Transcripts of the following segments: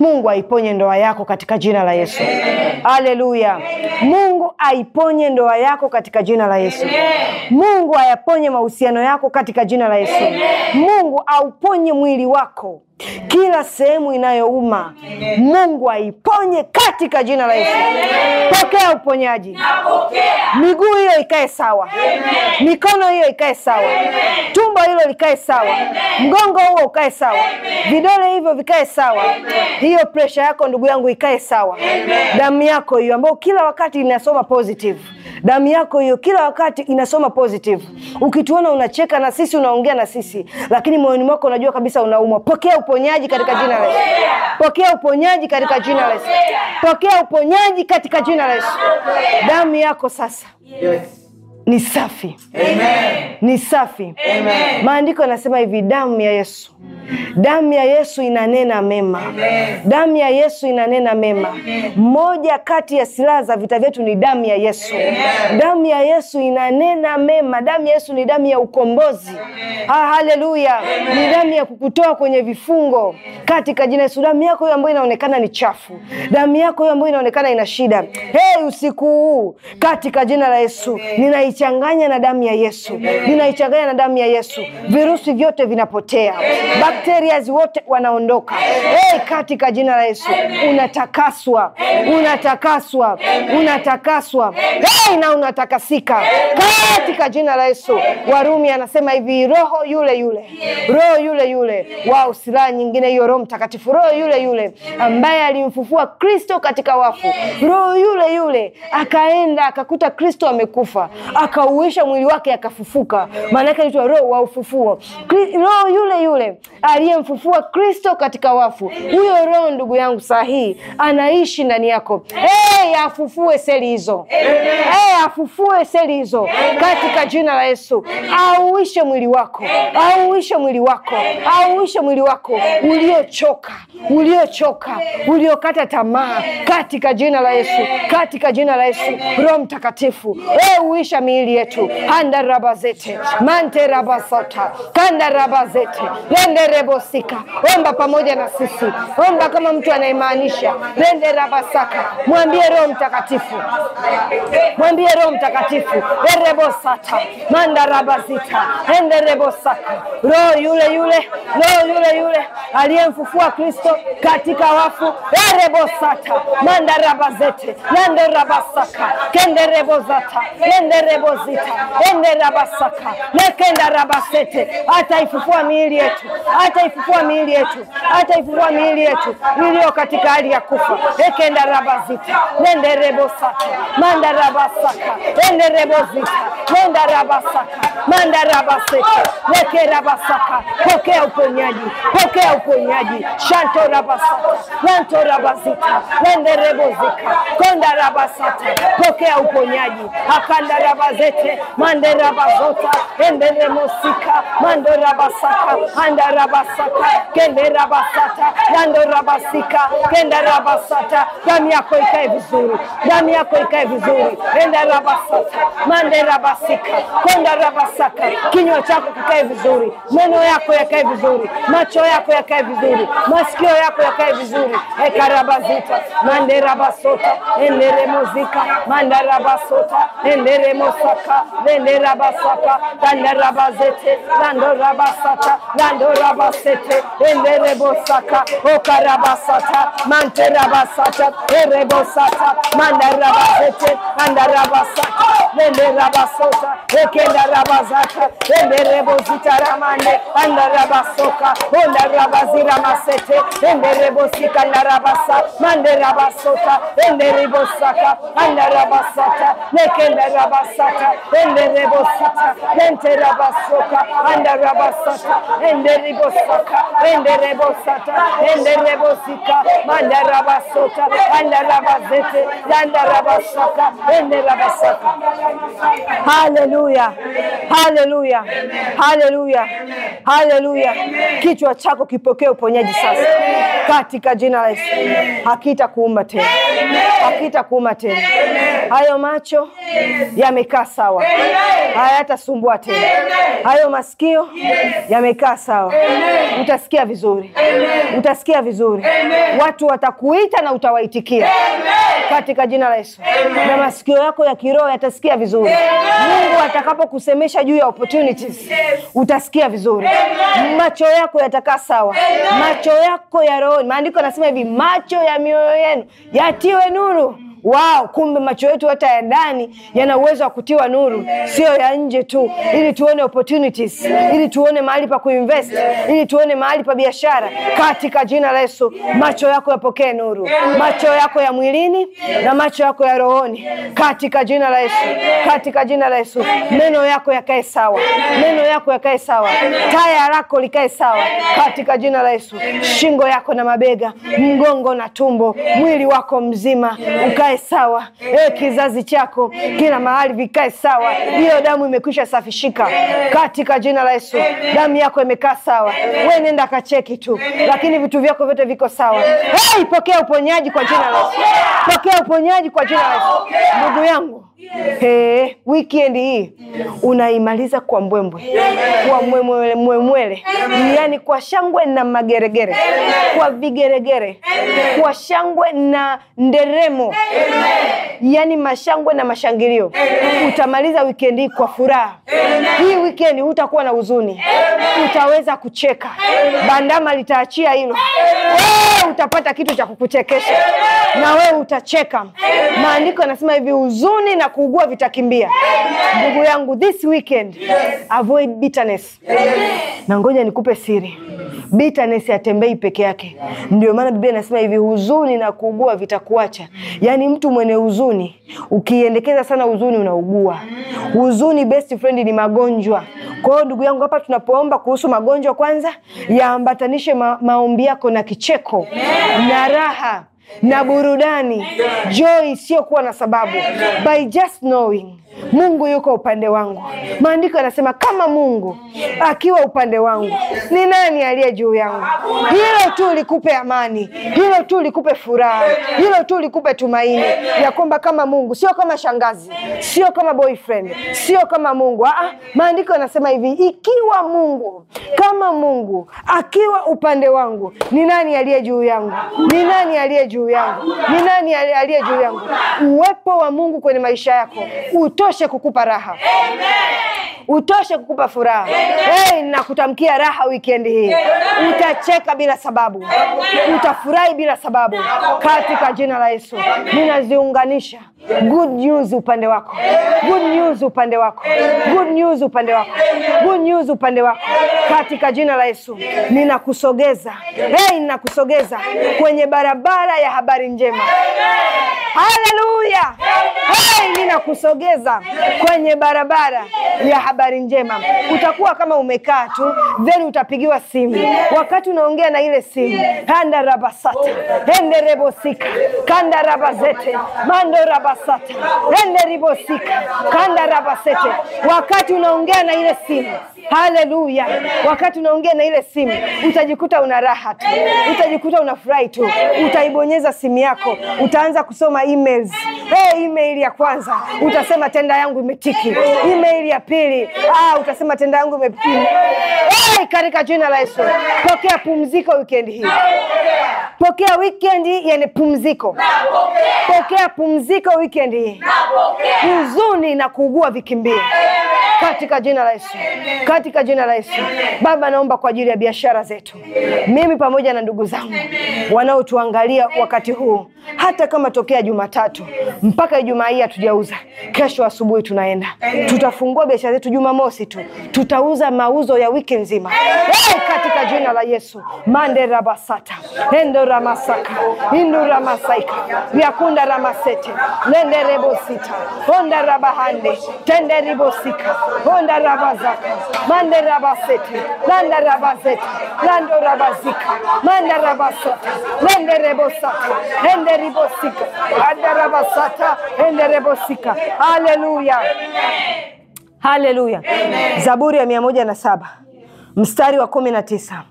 Mungu aiponye ndoa yako katika jina la Yesu. Haleluya! Mungu aiponye ndoa yako katika jina la Yesu. Mungu ayaponye mahusiano yako katika jina la Yesu. Mungu auponye mwili wako kila sehemu inayouma Mungu aiponye katika jina la Yesu. Pokea uponyaji, miguu hiyo ikae sawa Mikono hiyo ikae sawa Tumbo hilo likae sawa Mgongo huo ukae sawa Vidole hivyo vikae sawa Hiyo presha yako ndugu yangu ikae sawa Damu yako hiyo ambayo kila wakati inasoma positive damu yako hiyo kila wakati inasoma positive. Ukituona unacheka na sisi unaongea na sisi, lakini moyoni mwako unajua kabisa unaumwa. Pokea uponyaji uponyaji katika jina la Yesu. Pokea uponyaji katika jina la Yesu. Pokea uponyaji katika jina la Yesu. Damu yako sasa. Yes ni safi Amen. Ni safi Amen. Maandiko yanasema hivi, damu ya Yesu, damu ya Yesu inanena mema Damu ya Yesu inanena mema Moja kati ya silaha za vita vyetu ni damu ya Yesu Damu ya Yesu inanena mema. Damu ya Yesu ni damu ya ukombozi ah, haleluya! Ni damu ya kukutoa kwenye vifungo katika jina Yesu. Damu yako hiyo ambayo inaonekana ni chafu, damu yako hiyo ambayo inaonekana ina shida, hey, usiku huu katika jina la Yesu ninaich ninaichanganya na damu ya Yesu, ninaichanganya na damu ya Yesu. Virusi vyote vinapotea, bakteria wote wanaondoka. Hey, katika jina la Yesu unatakaswa, unatakaswa, unatakaswa hey, na unatakasika katika jina la Yesu. Warumi anasema hivi, roho yule yule, roho yule yule, wao silaha nyingine hiyo, Roho Mtakatifu, roho yule yule ambaye alimfufua Kristo katika wafu, roho yule yule akaenda akakuta Kristo amekufa akauisha mwili wake akafufuka. Maana yake anaitwa roho wa ufufuo, roho yule yule aliyemfufua Kristo katika wafu. Huyo roho ndugu yangu sahihi anaishi ndani yako. Hey, afufue seli hizo. Hey, afufue seli hizo katika jina la Yesu. Auishe mwili wako, auishe mwili wako, auishe mwili wako uliochoka, uliochoka, uliokata tamaa katika jina la Yesu, katika jina la Yesu. Roho Mtakatifu, hey, uisha miili yetu handa rabazete mante rabasata kanda rabazete lende rebosika. Omba pamoja na sisi, omba kama mtu anayemaanisha lende rabasaka. Mwambie Roho Mtakatifu, mwambie Roho Mtakatifu erebosata manda rabazita ende rebosaka. Roho yule yule, Roho yule yule aliyemfufua Kristo katika wafu erebosata manda rabazete lende rabasaka kende rebozata rebo rebozita ende rabasaka lekenda rabasete, ataifufua miili yetu, ataifufua miili yetu, ataifufua miili yetu iliyo katika hali ya kufa. Ekenda rabazita nende rebosaka manda rabasaka ende rebozita nenda rabasaka manda rabasete leke rabasaka, pokea uponyaji, pokea uponyaji shanto rabasaka lanto rabazita nende rebozika konda rabasata, pokea uponyaji akanda rabasaka Zete, Mandera Bazota, Endere Mosika, Mando Rabasaka, Anda Rabasaka, Kende Rabasata, Yando Rabasika, Kenda Rabasata, damu yako ikae vizuri, damu yako ikae vizuri, Enda Rabasata, Mande Rabasika, Konda Rabasaka, kinywa chako kikae vizuri, meno yako yakae vizuri, macho yako yakae vizuri, masikio yako yakae vizuri, Ekarabazita, Mande Rabasota, Endere Mosika, Manda Rabasota, Endere Mosika, rabasaka, lele rabasaka, dale rabazete, dando rabasata, dando rabasete, ele rebosaka, oka rabasata, mante rabasata, ere bosata, manda rabazete, anda rabasata, lele rabasota, ekenda rabazata, ele rebozita ramane, anda rabasoka, onda rabazira masete, ende rebosika la rabasa, mande rabasota, ende rebosaka, anda rabasata, lekenda rabasata, rabasata ende rebosata ente rabasoka anda rabasata ende ribosata ende rebosata ende rebosika manda rabasota anda rabazete anda rabasaka ende haleluya haleluya haleluya haleluya kichwa chako kipokee uponyaji sasa katika jina la Yesu hakita kuuma tena hakita kuuma tena hayo macho yamekaa yamekaa sawa, hayatasumbua tena. Hayo masikio yes, yamekaa sawa. Amen. Utasikia vizuri Amen. Utasikia vizuri Amen. Watu watakuita na utawaitikia katika jina la Yesu, na masikio yako ya kiroho yatasikia vizuri Amen. Mungu atakapokusemesha juu ya opportunities yes, utasikia vizuri Amen. Macho yako yatakaa sawa Amen. Macho yako ya roho, maandiko anasema hivi, macho ya mioyo yenu yatiwe nuru wao, kumbe macho yetu hata ya ndani yana uwezo wa kutiwa nuru, sio ya nje tu, ili tuone opportunities, ili tuone mahali pa kuinvest, ili tuone mahali pa biashara. Katika jina la Yesu, macho yako yapokee nuru, macho yako ya mwilini na macho yako ya rohoni, katika jina la Yesu, katika jina la Yesu. Meno yako yakae sawa, meno yako yakae sawa, taya lako likae sawa, katika jina la Yesu. Shingo yako na mabega, mgongo na tumbo, mwili wako mzima ukae vikae sawa. E, kizazi chako kila mahali vikae sawa. Hiyo damu imekwisha safishika katika jina la Yesu. Damu yako imekaa sawa, we nenda kacheki tu, lakini vitu vyako vyote viko sawa. Hey, pokea uponyaji kwa jina la Yesu, pokea uponyaji kwa jina la Yesu, ndugu yangu Hey, Wikendi hii yes. Unaimaliza kwa mbwembwe Kwa mwemwele yani kwa shangwe na mageregere Amen. Kwa vigeregere Amen. Kwa shangwe na nderemo Amen. Yaani mashangwe na mashangilio Amen. Utamaliza weekend hii kwa furaha Hii weekend hutakuwa na huzuni, utaweza kucheka Amen. Bandama litaachia hilo, wewe utapata kitu cha kukuchekesha na wewe utacheka Maandiko yanasema hivi huzuni na kuugua vitakimbia. Ndugu yangu, this weekend yes. avoid bitterness yes. na ngoja nikupe siri bitterness yatembei peke yake. Ndio maana Biblia inasema hivi, huzuni na kuugua vitakuacha. Yaani mtu mwenye huzuni, ukiendekeza sana huzuni unaugua. Huzuni best friend ni magonjwa. Kwa hiyo ndugu yangu, hapa tunapoomba kuhusu magonjwa, kwanza yaambatanishe ma maombi yako na kicheko na raha na burudani, joy isiyokuwa na sababu, by just knowing Mungu yuko upande wangu. Maandiko yanasema kama Mungu akiwa upande wangu, ni nani aliye juu yangu? Hilo tu likupe amani, hilo tu likupe furaha, hilo tu likupe tumaini ya kwamba kama Mungu, sio kama shangazi, sio kama boyfriend, sio kama Mungu. Ah, ah maandiko yanasema hivi, ikiwa Mungu kama Mungu akiwa upande wangu, ni nani aliye juu yangu? Ni nani aliye juu yangu? Ni nani aliye juu yangu? Uwepo wa Mungu kwenye maisha yako Utu utoshe kukupa raha Amen. utoshe kukupa furaha hey, kutamkia raha wikendi hii Amen. utacheka bila sababu Amen. utafurahi bila sababu katika jina la yesu ninaziunganisha good news upande wako good news upande wako good news upande wako good news upande wako katika jina la yesu ninakusogeza hey, ninakusogeza kwenye barabara ya habari njema haleluya hey, ninakusogeza kuongoza kwenye barabara ya habari njema. Utakuwa kama umekaa tu, then utapigiwa simu. Wakati unaongea na ile simu, handa rabasata hende rebosika kanda rabazete mando rabasata hende ribosika kanda rabasete, wakati unaongea na ile simu Haleluya! Wakati unaongea na ile simu utajikuta una raha tu, utajikuta una furahi tu. Utaibonyeza simu yako, utaanza kusoma emails. Hey, email ya kwanza utasema tenda yangu imetiki. Email ya pili ah, utasema tenda yangu imepima. Hey, katika jina la Yesu, pokea pumziko wikendi hii. Pokea wikendi yani pumziko, pokea pumziko wikendi hii. Huzuni na kuugua vikimbia katika jina la Yesu katika jina la Yesu. Baba, naomba kwa ajili ya biashara zetu, mimi pamoja na ndugu zangu wanaotuangalia wakati huu, hata kama tokea Jumatatu mpaka Ijumaa hii hatujauza, kesho asubuhi tunaenda, tutafungua biashara zetu Jumamosi tu, tutauza mauzo ya wiki nzima katika jina la Yesu. mande rabasata endo ramasaka indu ramasaika vyakunda ramasete lende rebosita onda rabahande tende ribosika onda rabazaka manda rabasete manda rabazete lando rabasika manda rabasata mende rebosata hende ribosika anda rabasata hende rebosika haleluya haleluya zaburi ya mia moja na saba mstari wa kumi na tisa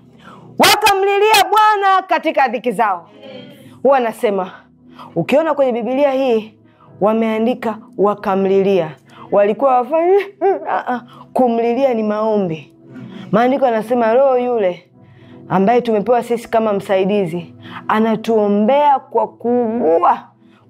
wakamlilia bwana katika dhiki zao huwa anasema ukiona kwenye bibilia hii wameandika wakamlilia walikuwa wafanye ah, ah, ah. kumlilia ni maombi. Maandiko anasema roho yule ambaye tumepewa sisi kama msaidizi anatuombea kwa kuugua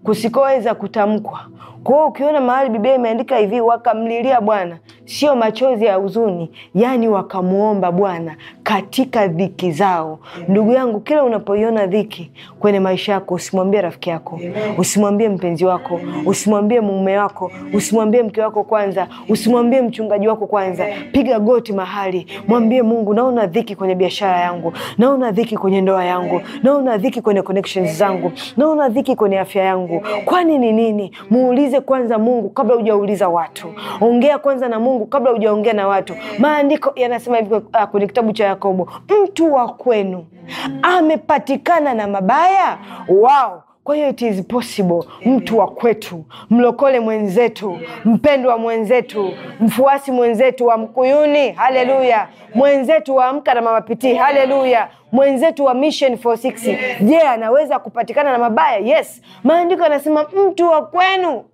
kusikoweza kutamkwa kwa hiyo ukiona mahali Biblia imeandika hivi, wakamlilia Bwana, sio machozi ya huzuni, yaani wakamwomba Bwana katika dhiki zao. Ndugu yangu, kila unapoiona dhiki kwenye maisha yako, usimwambie rafiki yako, usimwambie mpenzi wako, usimwambie mume wako, usimwambie mke wako kwanza, usimwambie mchungaji wako kwanza. Piga goti mahali, mwambie Mungu, naona dhiki kwenye biashara yangu, naona dhiki kwenye ndoa yangu, naona dhiki kwenye connections zangu, naona dhiki kwenye afya yangu. Kwani ni nini? muulize muulize kwanza Mungu kabla hujauliza watu. Ongea kwanza na Mungu kabla hujaongea na watu. Maandiko yanasema hivi uh, kwenye kitabu cha Yakobo, mtu wa kwenu amepatikana na mabaya wao kwa hiyo it is possible, mtu wa kwetu, mlokole mwenzetu, mpendwa mwenzetu, mfuasi mwenzetu wa Mkuyuni, haleluya, mwenzetu wa Amka na Mamapitii, haleluya, mwenzetu wa Mission 460 je, yeah, anaweza kupatikana na mabaya? Yes, maandiko yanasema mtu wa kwenu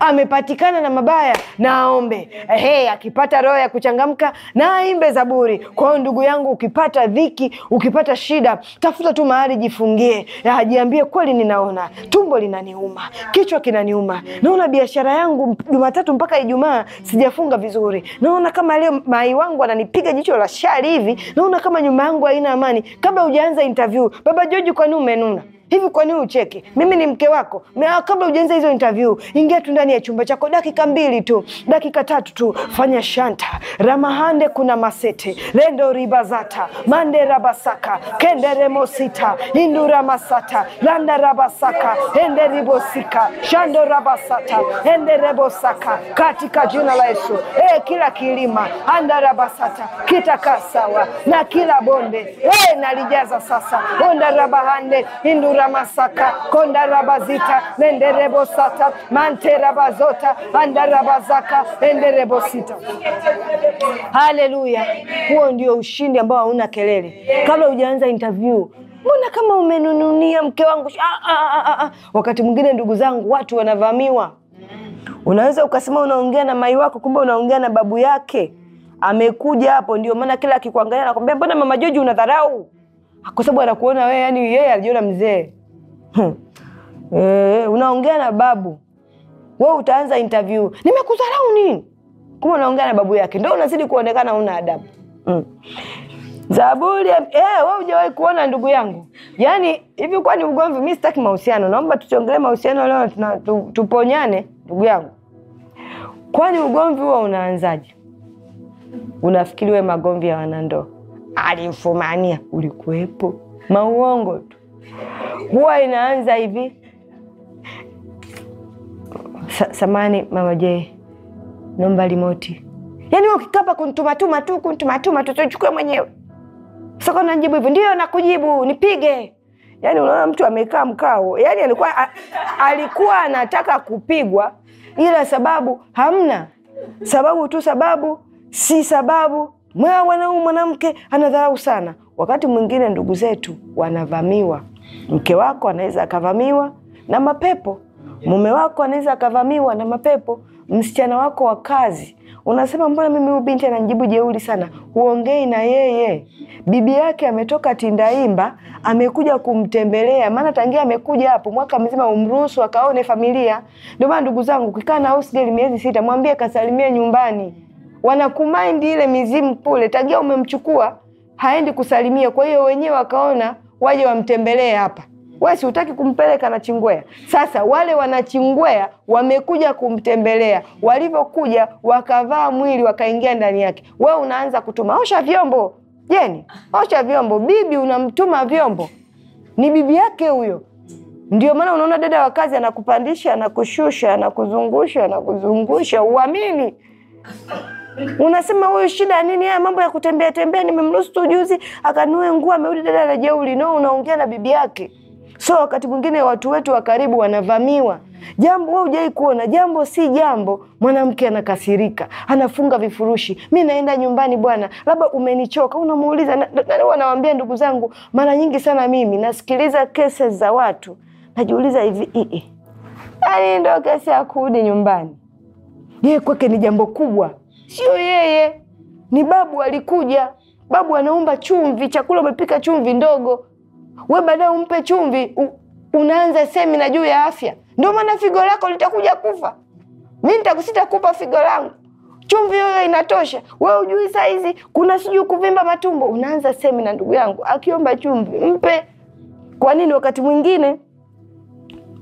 amepatikana na mabaya na aombe. Hey, akipata roho ya kuchangamka na aimbe zaburi. Kwa hiyo ndugu yangu, ukipata dhiki, ukipata shida, tafuta tu mahali, jifungie, ajiambie eh, kweli, ninaona tumbo linaniuma, kichwa kinaniuma, naona biashara yangu Jumatatu mpaka Ijumaa sijafunga vizuri, naona kama leo mai wangu ananipiga jicho la shari hivi, naona kama nyuma yangu haina amani. Kabla hujaanza interview, baba Joji, kwani umenuna? hivi kwa nini ucheke? Mimi ni mke wako. Mea, kabla ujaanza hizo interview, ingia tu ndani ya chumba chako dakika mbili tu, dakika tatu tu, fanya shanta ramahande kuna masete lendo ribazata mande rabasaka kendere mosita indura masata landa rabasaka ende ribosika shando rabasata ende rebosaka katika jina la Yesu. E, kila kilima anda rabasata kitakaa sawa na kila bonde e, nalijaza sasa onda rabahande indura mandera masaka kondarabazita nenderebosata manterabazota andarabazaka sita Haleluya! Huo ndio ushindi ambao hauna kelele. Kabla hujaanza interview mbona kama umenununia mke wangu? Ah, ah, ah, ah, ah. Wakati mwingine ndugu zangu, watu wanavamiwa. Unaweza ukasema unaongea na mai wako, kumbe unaongea na babu yake amekuja hapo. Ndio maana kila akikuangalia nakwambia, mbona mama Joji unadharau? kwa sababu anakuona wewe, yani yeye alijiona mzee E, unaongea na babu wewe, utaanza interview, nimekudharau nini? kuma unaongea na babu yake, ndio unazidi kuonekana una adabu mm. Zaburi eh, wewe hujawahi kuona ndugu yangu, yani hivi kwa ni ugomvi? Mimi sitaki mahusiano, naomba tusiongelee mahusiano leo, tuna, tu, tuponyane ndugu yangu. Kwani ugomvi huo unaanzaje? Unafikiri wewe magomvi ya wanandoa alimfumania, ulikuwepo? Mauongo tu huwa inaanza hivi. Sa samani mama je, nomba limoti. Yaani ukikapa kuntumatuma tu kuntumatuma tu tuchukue mwenyewe kwa najibu hivyo, ndio nakujibu, nipige Yaani unaona mtu amekaa mkao, yaani alikuwa alikuwa anataka kupigwa, ila sababu hamna sababu tu, sababu si sababu mwaa wanaume mwanamke anadharau sana. Wakati mwingine ndugu zetu wanavamiwa, mke wako anaweza akavamiwa na mapepo, mume wako anaweza akavamiwa na mapepo, msichana wako wa kazi unasema mbona mimi huyu binti ananijibu jeuri sana, huongei na yeye. Bibi yake ametoka Tindaimba, amekuja kumtembelea, maana tangia amekuja hapo mwaka mzima umruhusu akaone familia. Ndio maana ndugu zangu, ukikaa na house girl miezi sita, mwambie kasalimie nyumbani wanakumaindi ile mizimu kule, tagia umemchukua haendi kusalimia. Kwa hiyo wenyewe wakaona waje wamtembelee hapa, we si utaki kumpeleka na Chingwea. Sasa wale wanachingwea wamekuja kumtembelea, walivyokuja wakavaa mwili wakaingia ndani yake. wewe unaanza kutuma osha vyombo, Jeni osha vyombo, bibi unamtuma vyombo, ni bibi yake huyo. Ndio maana unaona dada wa kazi anakupandisha, anakushusha, anakuzungusha, anakuzungusha, uamini Unasema huyu shida nini? Haya mambo ya kutembea tembea, nimemruhusu tu juzi akanue nguo, amerudi dada na jeuli. No, unaongea na bibi yake. So wakati mwingine watu wetu wa karibu wanavamiwa. Jambo wewe hujai kuona, jambo si jambo, mwanamke anakasirika, anafunga vifurushi, mi naenda nyumbani bwana, labda umenichoka. Unamuuliza na, na, na, ndugu zangu, mara nyingi sana mimi nasikiliza kesi za watu, najiuliza hivi ii, ani ndo kesi ya kurudi nyumbani, je, kwake ni jambo kubwa sio yeye, ni babu alikuja. Babu anaomba chumvi, chakula umepika chumvi ndogo, we baadaye umpe chumvi unaanza semina juu ya afya. Ndio maana figo lako litakuja kufa. Mi sitakupa figo langu, chumvi hiyo inatosha. We ujui saizi kuna sijui kuvimba matumbo, unaanza semina. Ndugu yangu akiomba chumvi mpe. Kwa nini wakati mwingine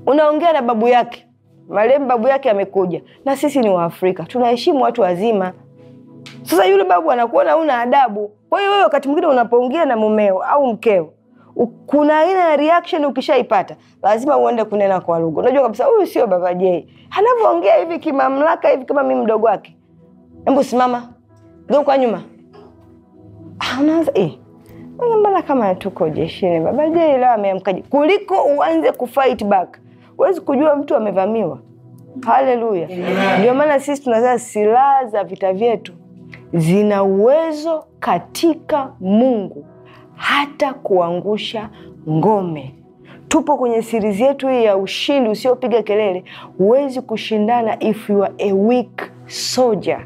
unaongea na babu yake marehemu babu yake amekuja, na sisi ni Waafrika tunaheshimu watu wazima. Sasa yule babu anakuona una adabu. Kwa hiyo wewe wakati mwingine unapoongea na mumeo au mkeo, kuna aina ya reaction ukishaipata, lazima uende kunena kwa lugha. Unajua kabisa huyu sio baba J, anavyoongea hivi kimamlaka hivi, kama mimi mdogo wake, hebu simama, geuka nyuma, anaanza ah, eh mbona kama tuko jeshini, baba J leo ameamkaje, kuliko uanze kufight back huwezi kujua mtu amevamiwa. Haleluya! Ndio maana sisi tunasema silaha za vita vyetu zina uwezo katika Mungu hata kuangusha ngome. Tupo kwenye siri yetu hii ya ushindi usiopiga kelele. Huwezi kushindana if you are a weak soldier.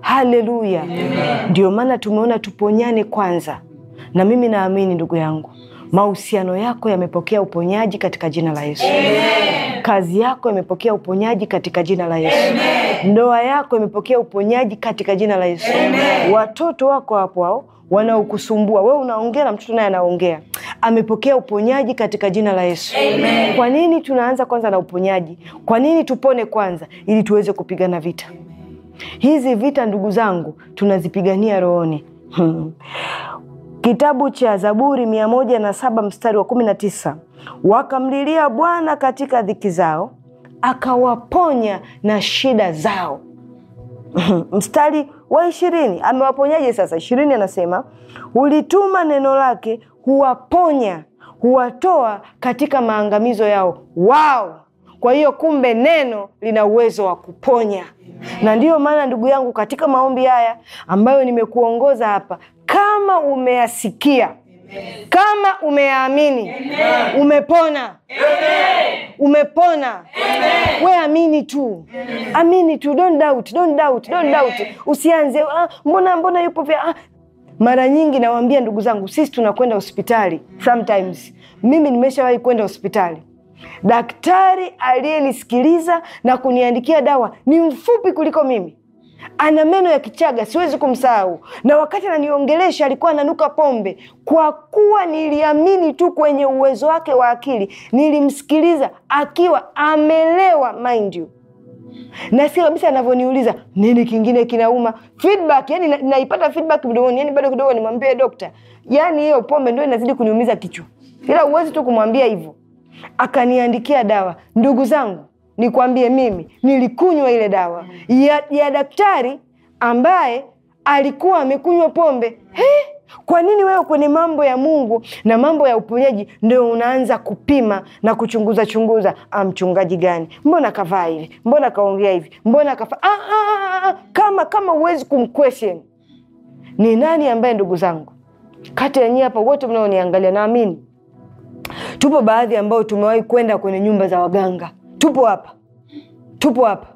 Haleluya! Ndio maana tumeona tuponyane kwanza, na mimi naamini ndugu yangu mahusiano yako yamepokea uponyaji katika jina la Yesu. Amen. Kazi yako imepokea uponyaji katika jina la Yesu. Amen. Ndoa yako imepokea uponyaji katika jina la Yesu. Amen. Watoto wako hapo hao wanaokusumbua wewe, unaongea na mtoto naye anaongea, amepokea uponyaji katika jina la Yesu. Amen. Kwa nini tunaanza kwanza na uponyaji? Kwa nini tupone kwanza, ili tuweze kupigana vita hizi? Vita ndugu zangu, tunazipigania rohoni. Kitabu cha Zaburi mia moja na saba mstari wa kumi na tisa wakamlilia Bwana katika dhiki zao, akawaponya na shida zao. mstari wa ishirini amewaponyaje? Sasa ishirini anasema ulituma neno lake, huwaponya, huwatoa katika maangamizo yao wao kwa hiyo kumbe neno lina uwezo wa kuponya, na ndiyo maana ndugu yangu, katika maombi haya ambayo nimekuongoza hapa, kama umeyasikia kama umeamini umepona. Umepona. We amini tu. Amini tu, don't doubt, don't doubt, don't doubt. Usianze ah, mbona mbona yupo vya ah. Mara nyingi nawaambia ndugu zangu, sisi tunakwenda hospitali sometimes. Mimi nimeshawahi kwenda hospitali Daktari aliyenisikiliza na kuniandikia dawa ni mfupi kuliko mimi, ana meno ya Kichaga, siwezi kumsahau. Na wakati ananiongelesha alikuwa ananuka pombe. Kwa kuwa niliamini tu kwenye uwezo wake wa akili, nilimsikiliza akiwa amelewa, mind you na si kabisa anavyoniuliza nini kingine kinauma, feedback yani na, naipata feedback mdomoni, yani bado kidogo nimwambie dokta, yani hiyo pombe ndio inazidi kuniumiza kichwa, ila uwezi tu kumwambia hivyo akaniandikia dawa. Ndugu zangu, nikwambie mimi nilikunywa ile dawa ya, ya daktari ambaye alikuwa amekunywa pombe. He, kwa nini wewe kwenye mambo ya Mungu na mambo ya uponyaji ndio unaanza kupima na kuchunguza chunguza? Ah, mchungaji gani? Mbona kavaa hivi? Mbona kaongea hivi? Mbona kafa ah ah, ah, ah, ah, kama kama huwezi kumquestion ni nani ambaye, ndugu zangu, kati ya nyie hapa wote mnaoniangalia, naamini Tupo baadhi ambao tumewahi kwenda kwenye nyumba za waganga, tupo hapa, tupo hapa,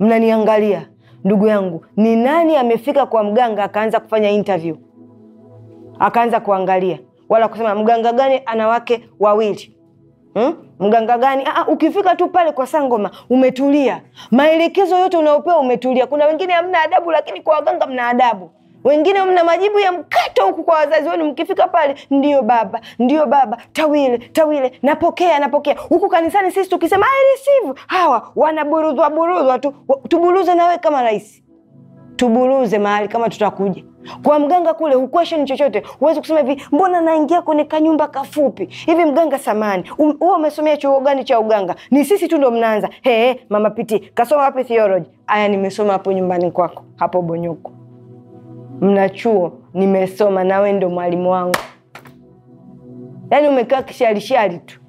mnaniangalia. Ndugu yangu, ni nani amefika kwa mganga akaanza kufanya interview, akaanza kuangalia wala kusema mganga gani ana wake wawili hmm? Mganga gani? Aa, ah, ah, ukifika tu pale kwa sangoma umetulia, maelekezo yote unayopewa umetulia. Kuna wengine hamna adabu, lakini kwa waganga mna adabu. Wengine mna majibu ya mkato huku kwa wazazi wenu, mkifika pale, ndio baba, ndio baba, tawile, tawile, napokea, napokea. Huku kanisani sisi tukisema I receive, hawa wanaburuzwa buruzwa tu. Tuburuze na wewe kama rais, tuburuze mahali kama tutakuja kwa mganga kule hukwesheni chochote, huwezi kusema hivi, mbona naingia kwenye kanyumba kafupi hivi? Mganga samani, wewe um, umesomea chuo gani cha uganga? Ni sisi tu ndo mnaanza he, mama piti kasoma wapi theology? Aya, nimesoma hapo nyumbani kwako hapo Bonyoko mna chuo nimesoma, wewe ndo mwalimu wangu. Yaani umekaa kishali shali tu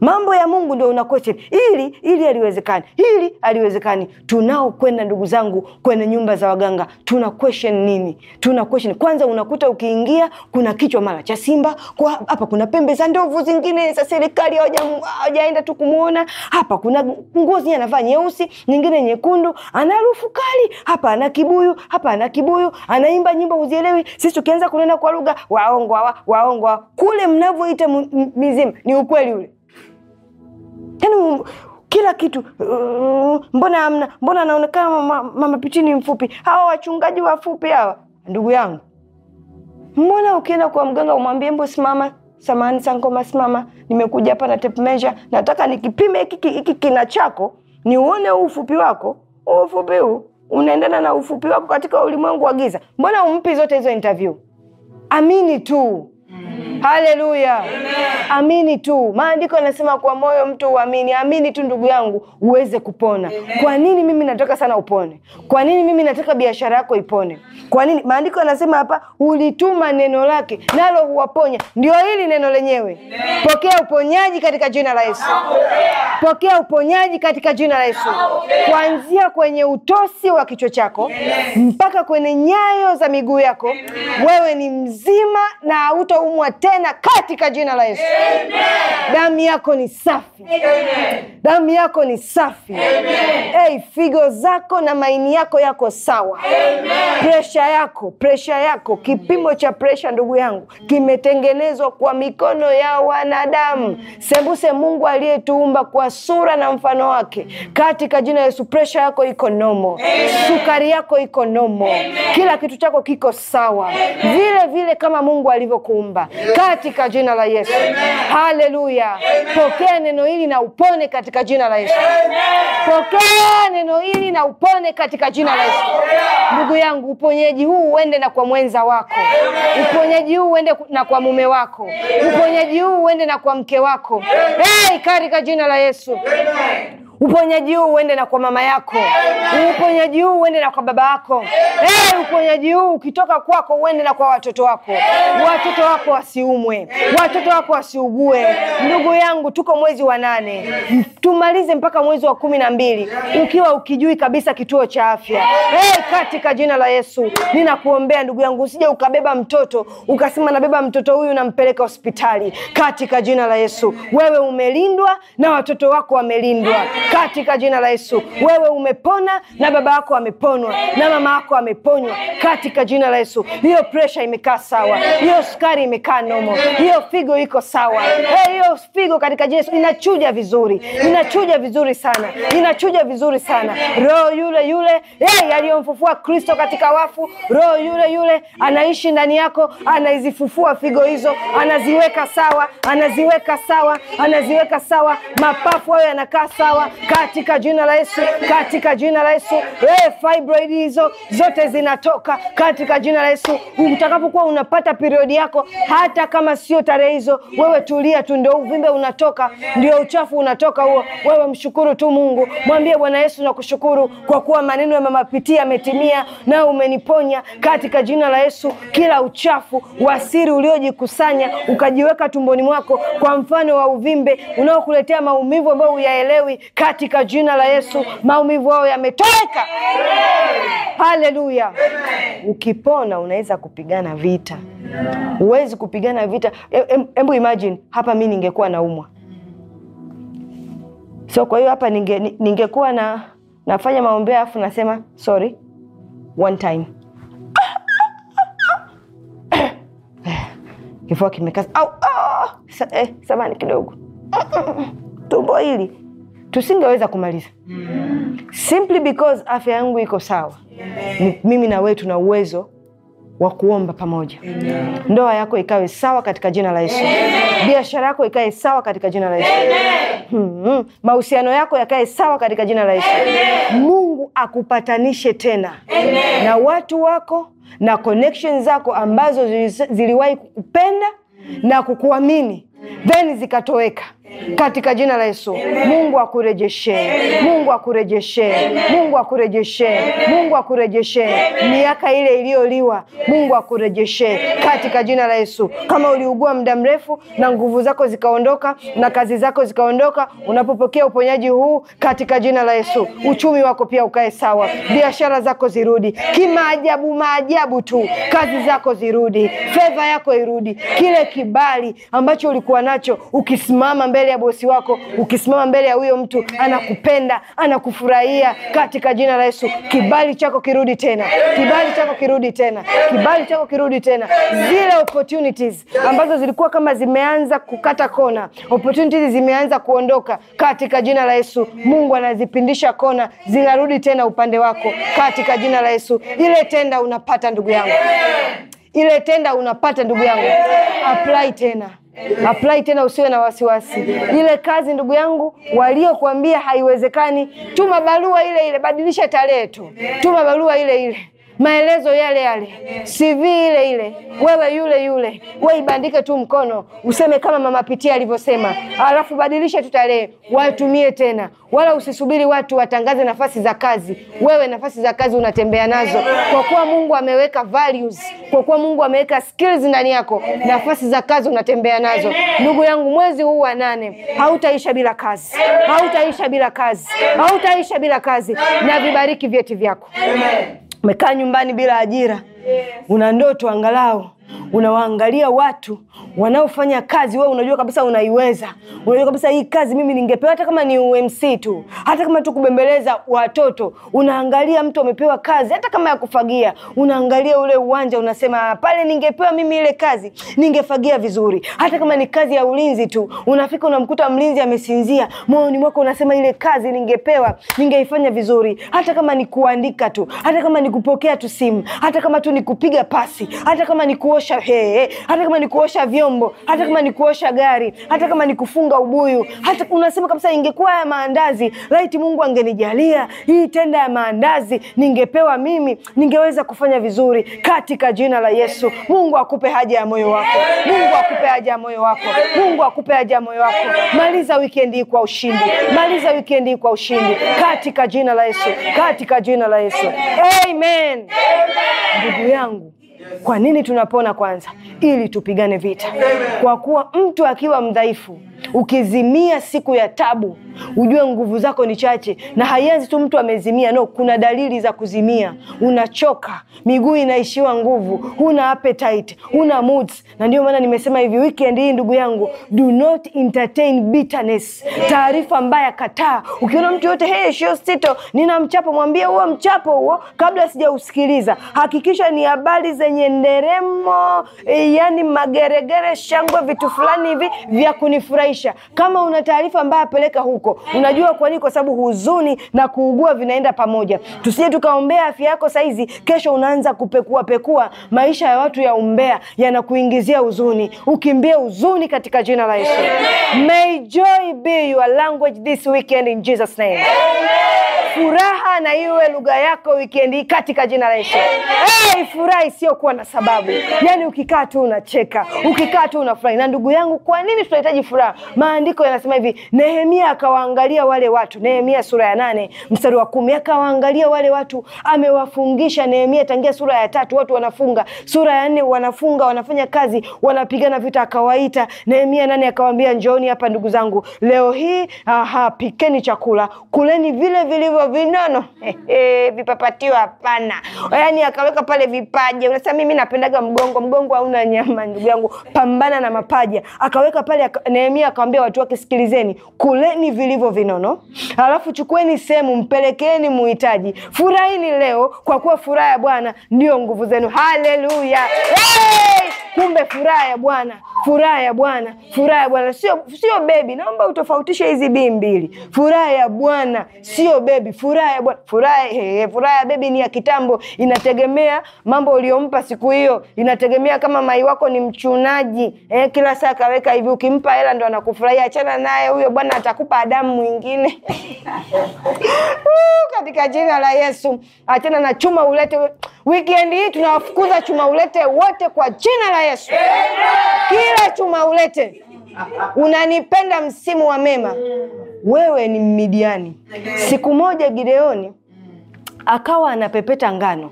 mambo ya Mungu ndio una question hili ili haliwezekani, hili haliwezekani. Tunaokwenda ndugu zangu kwenye nyumba za waganga tuna question nini? Tuna question kwanza, unakuta ukiingia kuna kichwa mara cha simba, kwa hapa kuna pembe za ndovu zingine za serikali hawajaenda tu kumuona hapa kuna ngozi anavaa nyeusi, nyingine nyekundu, ana harufu kali, hapa ana kibuyu, hapa ana kibuyu, anaimba nyimbo huzielewi. Sisi tukianza kunena kwa lugha waongwa hawa, Kule mnavyoita mizimu ni ukweli ule yaani kila kitu uh, mbona amna, mbona anaonekana mama, mama mfupi, hawa wachungaji wafupi hawa. Ndugu yangu, mbona ukienda kwa mganga umwambie mbo, simama samani sangoma, simama, nimekuja hapa na tape measure, nataka nikipime hiki hiki kina chako, niuone huu ufupi wako, huu ufupi huu unaendana na ufupi wako katika ulimwengu wa giza. Mbona umpi zote hizo interview? Amini tu. Haleluya, amini tu. Maandiko yanasema kwa moyo mtu uamini. Amini tu ndugu yangu, uweze kupona. Kwa nini mimi nataka sana upone? Kwa nini mimi nataka biashara yako ipone? Kwa nini? Maandiko yanasema hapa, ulituma neno lake nalo huwaponya. Ndio hili neno lenyewe. Pokea uponyaji katika jina la Yesu. Pokea uponyaji katika jina la Yesu, kuanzia kwenye utosi wa kichwa chako mpaka kwenye nyayo za miguu yako. Wewe ni mzima na hautaumwa kuokolewa tena katika jina la Yesu. Damu yako ni safi, damu yako ni safi. Hey, figo zako na maini yako yako sawa. Presha yako, presha yako, kipimo cha presha ndugu yangu kimetengenezwa kwa mikono ya wanadamu, sembuse Mungu aliyetuumba kwa sura na mfano wake, katika jina la Yesu. Presha yako iko nomo, sukari yako iko nomo, kila kitu chako kiko sawa vile vile kama Mungu alivyokuumba katika jina la Yesu. Haleluya! Pokea neno hili na upone katika jina la Yesu. Pokea neno hili na upone katika jina la Yesu. Ndugu yangu, uponyaji huu uende na kwa mwenza wako, uponyaji huu uende na kwa mume wako, uponyaji huu uende na kwa mke wako. Hey, katika jina la Yesu. Amen uponyaji huu uende na kwa mama yako Amen. uponyaji huu uende na kwa baba yako hey, uponyaji huu ukitoka kwako uende na kwa watoto wako Amen. watoto wako wasiumwe Amen. watoto wako wasiugue ndugu yangu tuko mwezi wa nane tumalize mpaka mwezi wa kumi na mbili ukiwa ukijui kabisa kituo cha afya hey, katika jina la yesu ninakuombea ndugu yangu usije ukabeba mtoto ukasema nabeba mtoto huyu nampeleka hospitali katika jina la yesu wewe umelindwa na watoto wako wamelindwa katika jina la Yesu. Wewe umepona na baba yako ameponwa na mama yako ameponywa katika jina la Yesu. Hiyo presha imekaa sawa, hiyo sukari imekaa nomo, hiyo figo iko sawa, hiyo hey, figo katika jina Yesu inachuja vizuri, inachuja vizuri sana, inachuja vizuri sana. Roho yule yule hey, aliyomfufua Kristo katika wafu, roho yule yule anaishi ndani yako, anaizifufua figo hizo, anaziweka sawa, anaziweka sawa, anaziweka sawa, mapafu hayo yanakaa sawa katika jina la Yesu, katika jina la Yesu. Wewe eh, fibroid hizo zote zinatoka katika jina la Yesu. Utakapokuwa unapata periodi yako, hata kama sio tarehe hizo, wewe tulia tu, ndio uvimbe unatoka, ndio uchafu unatoka huo. Wewe mshukuru tu Mungu, mwambie Bwana Yesu, nakushukuru kwa kuwa maneno ya mama Pitia yametimia, na umeniponya katika jina la Yesu. Kila uchafu wa siri uliojikusanya ukajiweka tumboni mwako, kwa mfano wa uvimbe unaokuletea maumivu ambayo huyaelewi katika jina la Yesu maumivu yao yametoweka. Haleluya! Ukipona unaweza kupigana vita, huwezi kupigana vita. Hebu em, imagine hapa mi ningekuwa naumwa, so kwa hiyo hapa ninge, ningekuwa na nafanya maombi alafu nasema sorry one time kifua kimekaza au ah, eh, samani kidogo tumbo hili tusingeweza kumaliza mm. simply because afya yangu iko sawa yeah. mimi na wewe tuna uwezo wa kuomba pamoja yeah. Ndoa yako ikawe sawa katika jina la Yesu. Biashara yako ikae sawa katika jina la Yesu. Hmm, hmm. Mahusiano yako yakae sawa katika jina la Yesu. Mungu akupatanishe tena yeah. na watu wako na connections zako ambazo ziliwahi kukupenda na kukuamini then zikatoweka katika jina la Yesu. Mungu akurejeshe, Mungu akurejeshe, Mungu akurejeshe, Mungu akurejeshe miaka ile iliyoliwa. Mungu akurejeshe katika jina la Yesu. Kama uliugua muda mrefu na nguvu zako zikaondoka na kazi zako zikaondoka, unapopokea uponyaji huu katika jina la Yesu, uchumi wako pia ukae sawa, biashara zako zirudi kimaajabu, maajabu tu, kazi zako zirudi, fedha yako irudi, kile kibali ambacho ulikuwa nacho ukisimama mbele ya bosi wako, ukisimama mbele ya huyo mtu, anakupenda anakufurahia katika jina la Yesu. Kibali chako kirudi tena, kibali chako kirudi tena, kibali chako kirudi tena. Zile opportunities ambazo zilikuwa kama zimeanza kukata kona, opportunities zimeanza kuondoka katika jina la Yesu. Mungu anazipindisha kona, zinarudi tena upande wako katika jina la Yesu. Ile tenda unapata ndugu yangu, ile tenda unapata ndugu yangu, apply tena. Apply tena, usiwe na wasiwasi. Ile kazi ndugu yangu waliokuambia haiwezekani, tuma barua ile ile, badilisha tarehe tu, tuma barua ile ile maelezo yale yale, CV ile ile, wewe yule yule. Wewe ibandike tu mkono, useme kama mama Pitia alivyosema, alafu badilisha tu tarehe, watumie tena, wala usisubiri watu watangaze nafasi za kazi. Wewe nafasi za kazi unatembea nazo, kwa kuwa Mungu ameweka values, kwa kuwa Mungu ameweka skills ndani yako. Nafasi za kazi unatembea nazo, ndugu yangu. Mwezi huu wa nane hautaisha bila kazi, hautaisha bila kazi, hautaisha bila kazi. Na vibariki vyeti vyako. Amen umekaa nyumbani bila ajira yes. una ndoto angalau unawaangalia watu wanaofanya kazi wewe unajua kabisa unaiweza, unajua kabisa hii kazi mimi ningepewa, hata kama ni UMC tu, hata kama tu kubembeleza watoto. Unaangalia mtu amepewa kazi, hata kama ya kufagia, unaangalia ule uwanja, unasema ah, pale ningepewa mimi ile kazi, ningefagia vizuri, hata kama ni kazi ya ulinzi tu. Unafika unamkuta mlinzi amesinzia, moyoni mwako unasema ile kazi ningepewa, ningeifanya vizuri, hata kama ni kuandika tu, hata kama ni kupokea tu simu, hata kama tu ni kupiga pasi, hata kama ni kuosha hee, hata kama ni kuosha vyombo, hata kama ni kuosha gari, hata kama ni kufunga ubuyu, hata unasema kabisa, ingekuwa ya maandazi laiti Mungu angenijalia hii tenda ya maandazi, ningepewa mimi, ningeweza kufanya vizuri, katika jina la Yesu. Mungu akupe haja ya moyo wako, Mungu akupe haja ya moyo wako, Mungu akupe haja ya moyo wako. Maliza wikendi hii kwa ushindi, maliza wikendi hii kwa ushindi, katika jina la Yesu, katika jina la Yesu, Amen. amen, amen yangu, kwa nini tunapona kwanza? Ili tupigane vita, kwa kuwa mtu akiwa mdhaifu Ukizimia siku ya tabu, ujue nguvu zako ni chache, na haianzi tu mtu amezimia. No, kuna dalili za kuzimia. Unachoka, miguu inaishiwa nguvu, huna appetite, huna moods. Na ndio maana nimesema hivi weekend hii, ndugu yangu, do not entertain bitterness. Taarifa mbaya kataa. Ukiona mtu yote hey, sio sito nina mchapo, mwambie huo mchapo huo kabla sijausikiliza. Hakikisha ni habari zenye nderemo, yani mageregere, shangwe, vitu fulani hivi vya kunifurahisha maisha. Kama una taarifa mbaya, peleka huko. Unajua kwa nini? Kwa sababu huzuni na kuugua vinaenda pamoja. Tusije tukaombea afya yako saizi, kesho unaanza kupekua pekua maisha ya watu ya umbea, yanakuingizia huzuni. Ukimbie huzuni katika jina la Yesu. May joy be your language this weekend in Jesus name. Amen. Furaha na iwe lugha yako wikendi katika jina la Yesu. Hey, furaha isiyokuwa na sababu, yaani ukikaa tu unacheka, ukikaa tu unafurahi. Na ndugu yangu, kwa nini tunahitaji furaha? Maandiko yanasema hivi, Nehemia akawaangalia wale watu, Nehemia sura ya nane mstari wa kumi akawaangalia wale watu, amewafungisha Nehemia tangia sura ya tatu watu wanafunga, sura ya nne wanafunga, wanafanya kazi, wanapigana vita, akawaita Nehemia nane akawaambia, njooni hapa ndugu zangu, leo hii aha, pikeni chakula, kuleni vile vilivyo vinono vipapatio hapana, yaani akaweka pale vipaja. Unasema mimi napendaga mgongo, mgongo hauna nyama ndugu yangu, pambana na mapaja. Akaweka pale Nehemia akawambia watu wake, sikilizeni, kuleni vilivyo vinono, alafu chukueni sehemu, mpelekeeni muhitaji, furahini leo, kwa kuwa furaha ya Bwana ndio nguvu zenu. Haleluya! Hey! Kumbe furaha ya Bwana, furaha ya Bwana, furaha ya Bwana sio sio bebi. Naomba utofautishe hizi bii mbili. Furaha ya Bwana sio bebi furaha ya bwana, furaha hey, furaha ya bebi ni ya kitambo, inategemea mambo uliompa siku hiyo, inategemea kama mai wako ni mchunaji eh, kila saa kaweka hivi, ukimpa hela ndo anakufurahia. Achana naye huyo bwana, atakupa adamu mwingine katika jina la Yesu. Achana na chuma ulete. Weekend hii tunawafukuza chuma ulete wote kwa jina la Yesu. Amen. Kila chuma ulete unanipenda msimu wa mema, wewe ni Mmidiani. Siku moja Gideoni akawa anapepeta ngano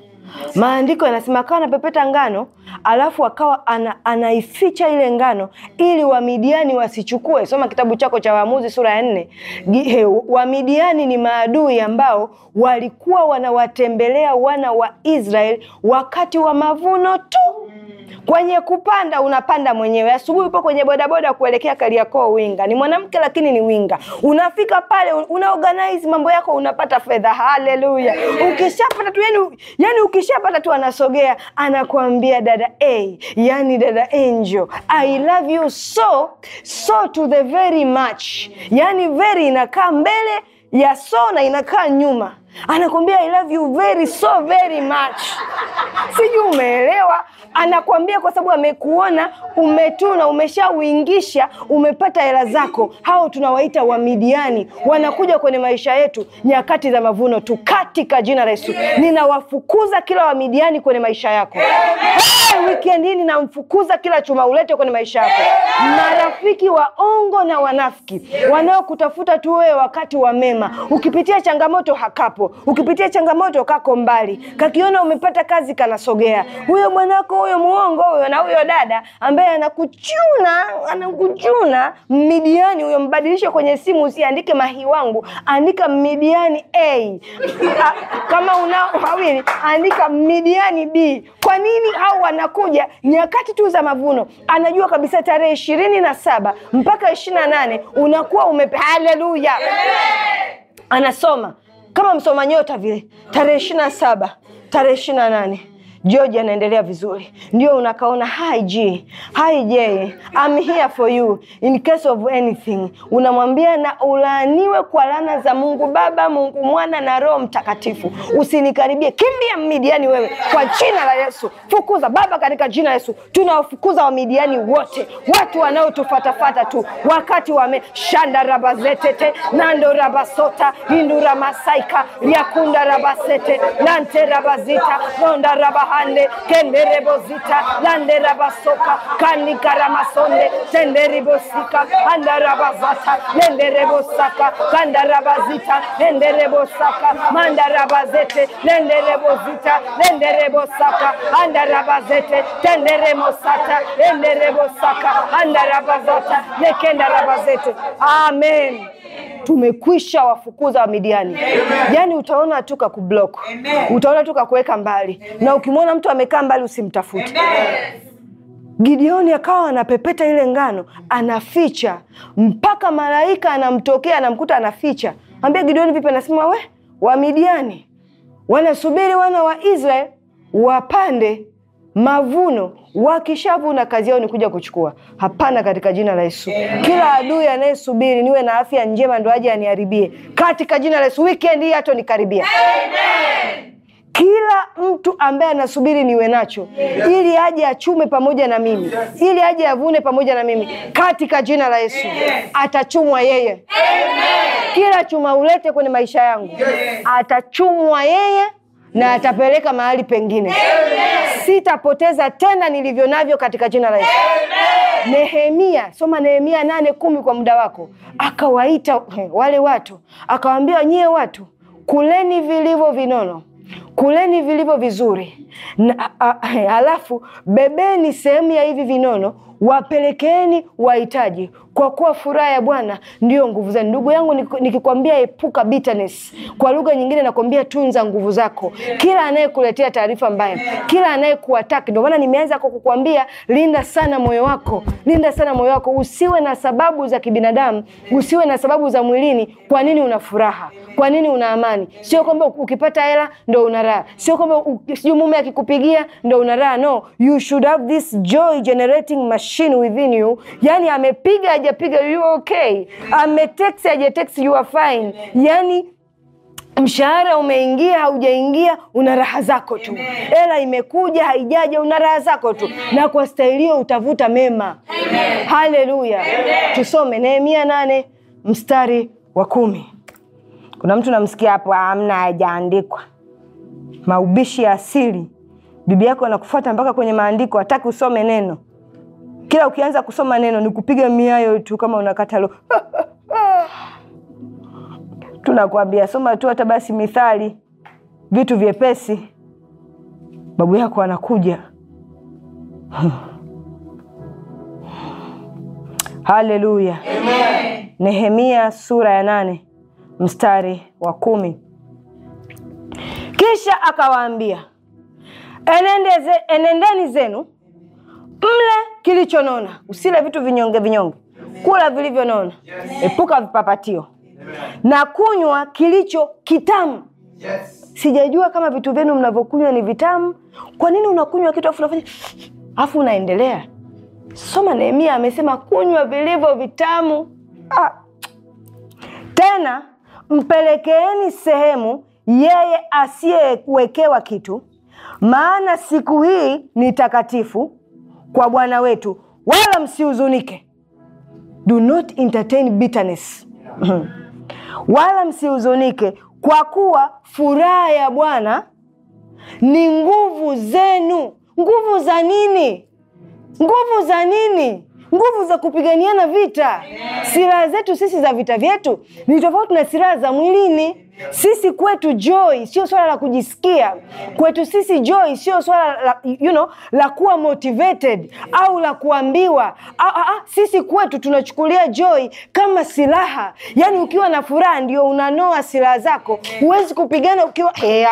maandiko yanasema akawa anapepeta ngano, alafu akawa ana, anaificha ile ngano ili Wamidiani wasichukue. Soma kitabu chako cha Waamuzi sura ya nne. Wamidiani ni maadui ambao walikuwa wanawatembelea wana wa Israeli wakati wa mavuno tu. Kwenye kupanda unapanda mwenyewe. Asubuhi upo kwenye bodaboda kuelekea Kariakoo winga, ni mwanamke lakini ni winga. Unafika pale una organize mambo yako, unapata fedha. Haleluya! Ukishapata tu yani, yani ukishapata tu anasogea anakuambia dada A, yani dada Angel, I love you so so to the very much, yani very inakaa mbele ya so na inakaa nyuma anakwambia I love you very so very much. Sijui umeelewa? Anakwambia kwa sababu amekuona umetuna, umeshauingisha, umepata hela zako. Hao tunawaita Wamidiani, wanakuja kwenye maisha yetu nyakati za mavuno tu, katika jina la Yesu. Ninawafukuza kila Wamidiani kwenye maisha yako. Hey, weekend hii ninamfukuza kila chuma ulete kwenye maisha yako, marafiki waongo na wanafiki wanaokutafuta tu wewe wakati wa mema. Ukipitia changamoto hakapo hapo. Ukipitia changamoto kako mbali, kakiona umepata kazi kanasogea. Huyo mwanako huyo muongo huyo na huyo dada ambaye anakuchuna anakuchuna Midiani huyo, mbadilishe kwenye simu, usiandike mahi wangu, andika Midiani A. A kama unao wawili andika Midiani B. Kwa nini au wanakuja nyakati tu za mavuno? Anajua kabisa tarehe ishirini na saba mpaka ishirini na nane unakuwa umepe. Haleluya, anasoma kama msoma nyota vile tarehe ishirini na saba tarehe ishirini na nane George anaendelea vizuri, ndio unakaona hi G, hi J, I'm here for you in case of anything. Unamwambia na ulaaniwe kwa lana za Mungu Baba, Mungu Mwana na Roho Mtakatifu, usinikaribie. Kimbia Midiani wewe, kwa jina la Yesu. Fukuza Baba, katika jina la Yesu tunawafukuza Midiani wote, watu wanaotufatafata tu wakati wame shanda zetete nando sota indura masaika yakunda sete nante zita nonda raba ande kenderebozita landerabasoka kanikaramasonde tenderibosika andarabavasa nenderebosaka kandarabazita enderebosaka mandarabazete nenderebozita nenderebosaka andarabazete tenderemosata enderebosaka andarabazata nekendarabazete amen tumekwisha wafukuza Wamidiani. Yani utaona tu kakublock, utaona tu kakuweka mbali Amen. na ukimwona mtu amekaa mbali usimtafute. Gideoni akawa anapepeta ile ngano, anaficha mpaka malaika anamtokea, anamkuta anaficha. Ambia Gideoni, vipi? Anasema we Wamidiani wanasubiri wana wa israel wapande mavuno wakishavuna kazi yao ni kuja kuchukua. Hapana, katika jina la Yesu. Kila adui anayesubiri niwe na afya njema ndo aje aniharibie, katika jina la Yesu, weekend hii hata nikaribia. Kila mtu ambaye anasubiri niwe nacho yes, ili aje achume pamoja na mimi yes, ili aje avune pamoja na mimi yes, katika jina la Yesu yes, atachumwa yeye Amen. Kila chuma ulete kwenye maisha yangu yes, atachumwa yeye na atapeleka mahali pengine sitapoteza tena nilivyo navyo katika jina la Yesu. Nehemia, soma Nehemia nane kumi kwa muda wako. Akawaita wale watu akawaambia, nyie watu kuleni vilivyo vinono kuleni vilivyo vizuri na, a, a, alafu bebeni sehemu ya hivi vinono wapelekeeni wahitaji, kwa kuwa furaha ya Bwana ndiyo nguvu zenu. Ndugu yangu, nikikwambia epuka bitterness, kwa lugha nyingine nakwambia tunza nguvu zako. Kila anayekuletea taarifa mbaya, kila anayekuataki, ndio maana nimeanza kwa kukwambia linda sana moyo wako, linda sana moyo wako, usiwe na sababu za kibinadamu, usiwe na sababu za mwilini. Kwa nini una furaha? Kwa nini una amani? Sio kwamba ukipata hela ndo una raha, sio kwamba sijui mume akikupigia ndo una raha. No, you should have this joy generating machine machine within you. Yani amepiga hajapiga, you okay, ametext hajateksi, you are fine. Yani mshahara umeingia haujaingia, una raha zako tu. Hela imekuja haijaja, una raha zako tu, na kwa hiyo utavuta mema. Haleluya! Tusome Nehemia nane mstari wa kumi. Kuna mtu namsikia hapo, amna, hajaandikwa maubishi ya asili. Bibi yako anakufuata mpaka kwenye maandiko, hataki usome neno. Kila ukianza kusoma neno ni kupiga miayo tu, kama unakata lo tunakwambia soma tu hata basi Mithali, vitu vyepesi, babu yako anakuja. Haleluya, amen. Nehemia sura ya nane mstari wa kumi kisha akawaambia enendeni zenu mle kilichonona, usile vitu vinyonge vinyonge, kula vilivyonona, epuka vipapatio na kunywa kilicho kitamu yes. Sijajua kama vitu vyenu mnavyokunywa ni vitamu. Kwa nini unakunywa kitu afu unafanya afu unaendelea? Soma Nehemia amesema kunywa vilivyo vitamu. Ah. Tena mpelekeeni sehemu yeye asiyewekewa kitu, maana siku hii ni takatifu kwa bwana wetu wala msihuzunike do not entertain bitterness wala msihuzunike kwa kuwa furaha ya bwana ni nguvu zenu nguvu za nini nguvu za nini nguvu za kupiganiana vita silaha zetu sisi za vita vyetu ni tofauti na silaha za mwilini sisi kwetu joy sio swala la kujisikia. Kwetu sisi joy sio swala la, you know, la kuwa motivated au la kuambiwa. A, ah, a, ah, a, ah, sisi kwetu tunachukulia joy kama silaha. yani ukiwa na furaha ndio unanoa silaha zako. Huwezi kupigana ukiwa eh,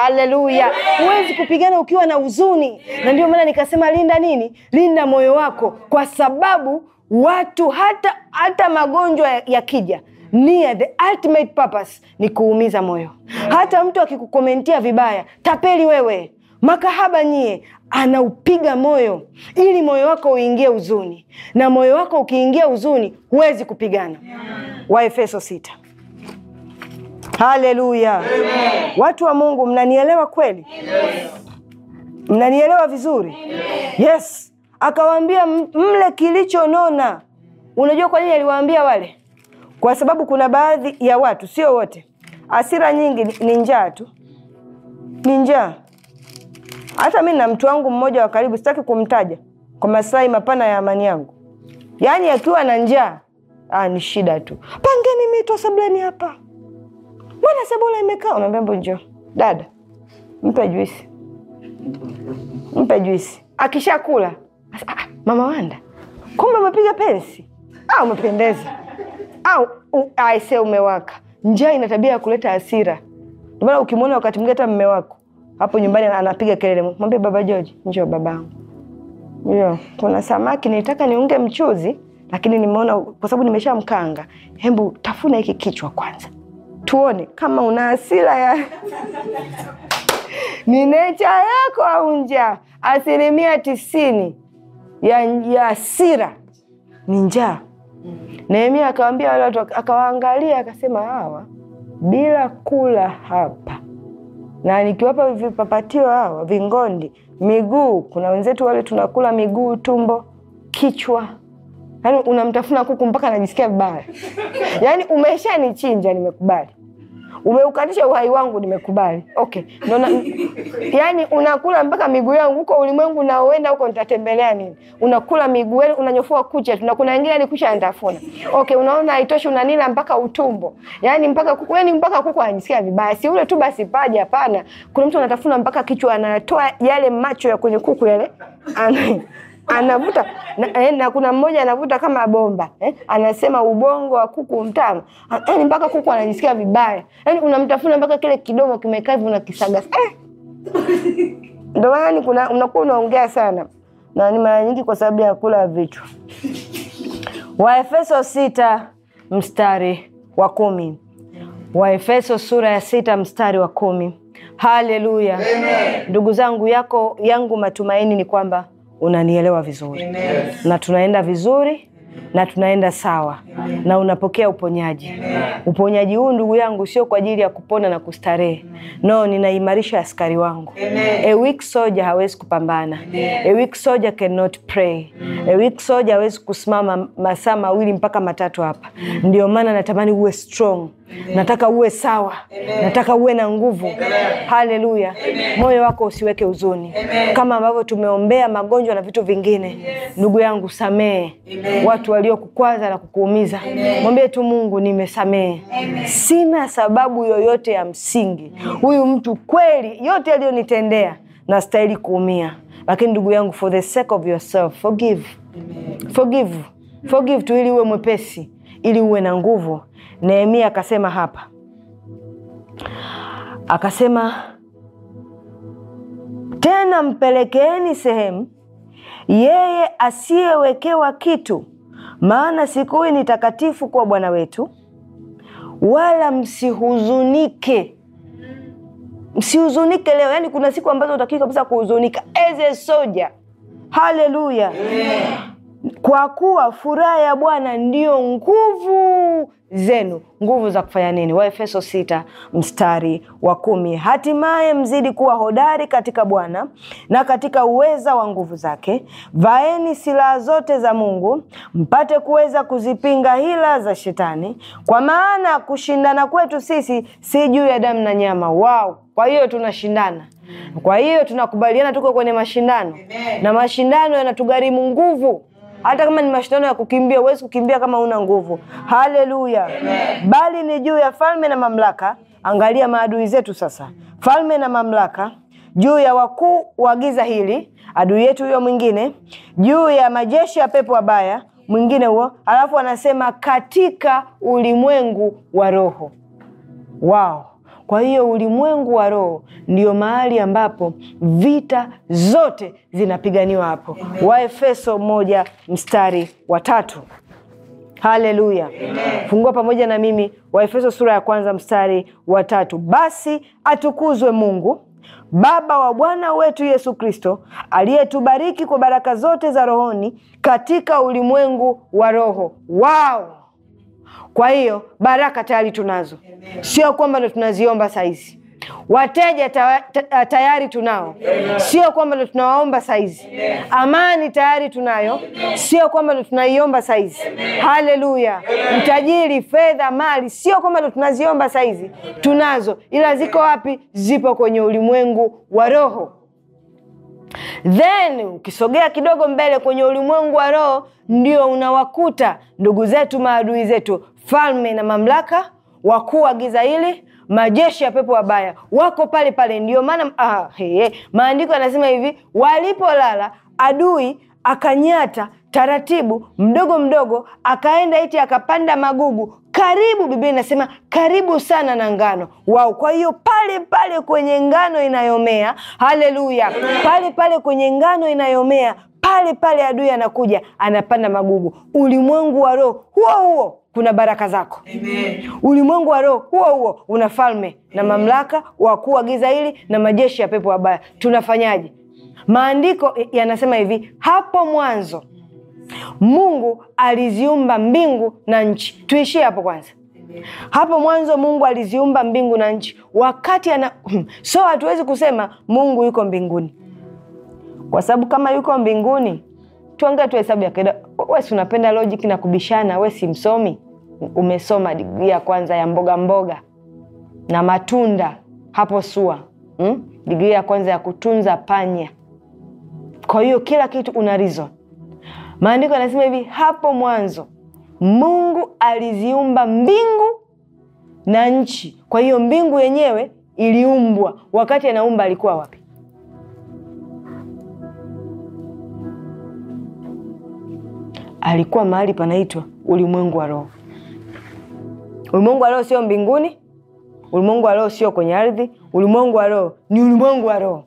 Huwezi kupigana ukiwa na huzuni. Na ndio maana nikasema linda nini? Linda moyo wako kwa sababu watu hata hata magonjwa yakija ya nia the ultimate purpose ni kuumiza moyo. Hata mtu akikukomentia vibaya, tapeli wewe, makahaba nyie, anaupiga moyo ili moyo wako uingie huzuni, na moyo wako ukiingia huzuni huwezi kupigana. Waefeso sita. Haleluya! Watu wa Mungu, mnanielewa kweli? Yes. Mnanielewa vizuri? yes. Akawaambia mle kilichonona. Unajua kwa nini aliwaambia wale kwa sababu kuna baadhi ya watu, sio wote, asira nyingi ni njaa tu, ni njaa. Hata mi na mtu wangu mmoja wa karibu, sitaki kumtaja kwa maslahi mapana ya amani yangu, yaani akiwa na njaa ah, ni shida tu. Pangeni mito sebuleni hapa, mbona sebule imekaa? Unaambia mbo, njo dada, mpe juisi, mpe juisi. Akishakula ah, mama Wanda, kumbe umepiga pensi, ah, umependeza au aise, ume waka. Njaa ina tabia ya kuleta hasira, ndio maana ukimwona wakati mwingine hata mme wako hapo nyumbani anapiga kelele, mwambie baba George, njoo babangu, njoo, kuna samaki nilitaka niunge mchuzi, lakini nimeona kwa sababu nimeshamkanga, hebu tafuna hiki kichwa kwanza tuone kama una hasira ya ni necha yako au njaa. Asilimia tisini ya hasira ni njaa. Nehemia akawaambia wale watu, akawaangalia akasema, hawa bila kula hapa na nikiwapa vipapatio hawa vingondi miguu, kuna wenzetu wale tunakula miguu, tumbo, kichwa. Yaani unamtafuna kuku mpaka anajisikia vibaya, yaani umeshanichinja, nimekubali Umeukanisha uhai wangu, nimekubali. Okay. Nona, yani unakula mpaka miguu yangu huko ulimwengu naoenda huko nitatembelea nini? Unakula miguu yenu, unanyofua kucha tu na kuna wengine ni kucha Okay, unaona haitoshi unanila mpaka utumbo. Yani mpaka kuku, yani mpaka kuku anisikia vibaya. Si ule tu basi paja hapana. Kuna mtu anatafuna mpaka kichwa anatoa yale macho ya kwenye kuku yale anavuta na, eh, na kuna mmoja anavuta kama bomba eh, anasema ubongo wa kuku mtamu ah, yani, mpaka kuku anajisikia vibaya yani, unamtafuna mpaka kile kidomo kimekaa hivyo unakisaga eh. Ndio maana kuna unakuwa unaongea sana na ni mara nyingi kwa sababu ya kula vichwa. Waefeso sita mstari wa kumi. Waefeso sura ya sita mstari wa kumi. Haleluya! Ndugu zangu yako yangu, matumaini ni kwamba unanielewa vizuri Amen. na tunaenda vizuri na tunaenda sawa Amen. na unapokea uponyaji Amen. Uponyaji huu ndugu yangu sio kwa ajili ya kupona na kustarehe, no, ninaimarisha askari wangu. A weak soldier hawezi kupambana. A weak soldier cannot pray. A weak soldier hawezi kusimama masaa mawili mpaka matatu hapa. Ndio maana natamani uwe strong Amen. Nataka uwe sawa Amen. Nataka uwe na nguvu. Haleluya! moyo wako usiweke huzuni Kama ambavyo tumeombea magonjwa na vitu vingine yes. Ndugu yangu samehe watu watu waliokukwaza na kukuumiza, mwambie tu Mungu, nimesamehe, sina sababu yoyote ya msingi. Huyu mtu kweli, yote aliyonitendea, nastahili kuumia, lakini ndugu yangu, for the sake of yourself, forgive. Forgive. Forgive tu ili uwe mwepesi, ili uwe na nguvu. Nehemia akasema hapa, akasema tena, mpelekeeni sehemu yeye asiyewekewa kitu maana siku hii ni takatifu kwa Bwana wetu, wala msihuzunike. Msihuzunike leo, yaani kuna siku ambazo utakiwi kabisa kuhuzunika. Eze soja, haleluya, kwa kuwa furaha ya Bwana ndiyo nguvu zenu. Nguvu za kufanya nini? Waefeso 6 mstari wa kumi. Hatimaye mzidi kuwa hodari katika Bwana na katika uweza wa nguvu zake. Vaeni silaha zote za Mungu mpate kuweza kuzipinga hila za Shetani, kwa maana kushindana kwetu sisi si juu ya damu na nyama. Wow! Kwa hiyo tunashindana kwa hiyo tunakubaliana, tuko kwenye mashindano Amen. Na mashindano yanatugharimu nguvu hata kama ni mashindano ya kukimbia, huwezi kukimbia kama una nguvu. Haleluya! Bali ni juu ya falme na mamlaka. Angalia maadui zetu sasa, falme na mamlaka, juu ya wakuu wa giza hili, adui yetu huyo mwingine, juu ya majeshi ya pepo wabaya mwingine huo, alafu anasema katika ulimwengu wa roho wao kwa hiyo ulimwengu wa roho ndio mahali ambapo vita zote zinapiganiwa hapo. Waefeso moja mstari wa tatu. Haleluya, fungua pamoja na mimi Waefeso sura ya kwanza mstari wa tatu. Basi atukuzwe Mungu Baba wa Bwana wetu Yesu Kristo, aliyetubariki kwa baraka zote za rohoni katika ulimwengu wa roho. Wow! Kwa hiyo baraka tayari tunazo, sio kwamba ndo tunaziomba saizi. Wateja ta, ta, tayari tunao, sio kwamba ndo tunawaomba saizi. Amani tayari tunayo, sio kwamba ndo tunaiomba saizi. Haleluya! Mtajiri, fedha, mali, sio kwamba ndo tunaziomba saizi, tunazo. Ila ziko wapi? Zipo kwenye ulimwengu wa roho. Then ukisogea kidogo mbele kwenye ulimwengu wa roho, ndio unawakuta ndugu zetu, maadui zetu, falme na mamlaka, wakuu wa giza hili, majeshi ya pepo wabaya wako pale pale. Ndio maana ah, hey, maandiko yanasema hivi, walipolala adui akanyata taratibu mdogo mdogo, akaenda iti akapanda magugu karibu. Biblia inasema karibu sana na ngano wao. Kwa hiyo pale pale kwenye ngano inayomea, haleluya, pale pale kwenye ngano inayomea, pale pale adui anakuja anapanda magugu. Ulimwengu wa roho huo huo kuna baraka zako ulimwengu wa roho huo huo una falme na mamlaka wakuu wa giza hili na majeshi ya pepo wabaya tunafanyaje maandiko yanasema hivi hapo mwanzo mungu aliziumba mbingu na nchi tuishie hapo kwanza hapo mwanzo mungu aliziumba mbingu na nchi wakati ana hmm, so hatuwezi kusema mungu yuko mbinguni kwa sababu kama yuko mbinguni tuangae tu hesabu ya kawaida. Wewe si unapenda logic na kubishana? wesi si msomi? Umesoma digrii ya kwanza ya mboga mboga na matunda hapo SUA hmm? digrii ya kwanza ya kutunza panya. Kwa hiyo kila kitu una rizo Maandiko yanasema hivi, hapo mwanzo Mungu aliziumba mbingu na nchi. Kwa hiyo mbingu yenyewe iliumbwa. Wakati anaumba alikuwa wapi? alikuwa mahali panaitwa ulimwengu wa roho. Ulimwengu wa roho sio mbinguni, ulimwengu wa roho sio kwenye ardhi. Ulimwengu wa roho ni ulimwengu wa roho,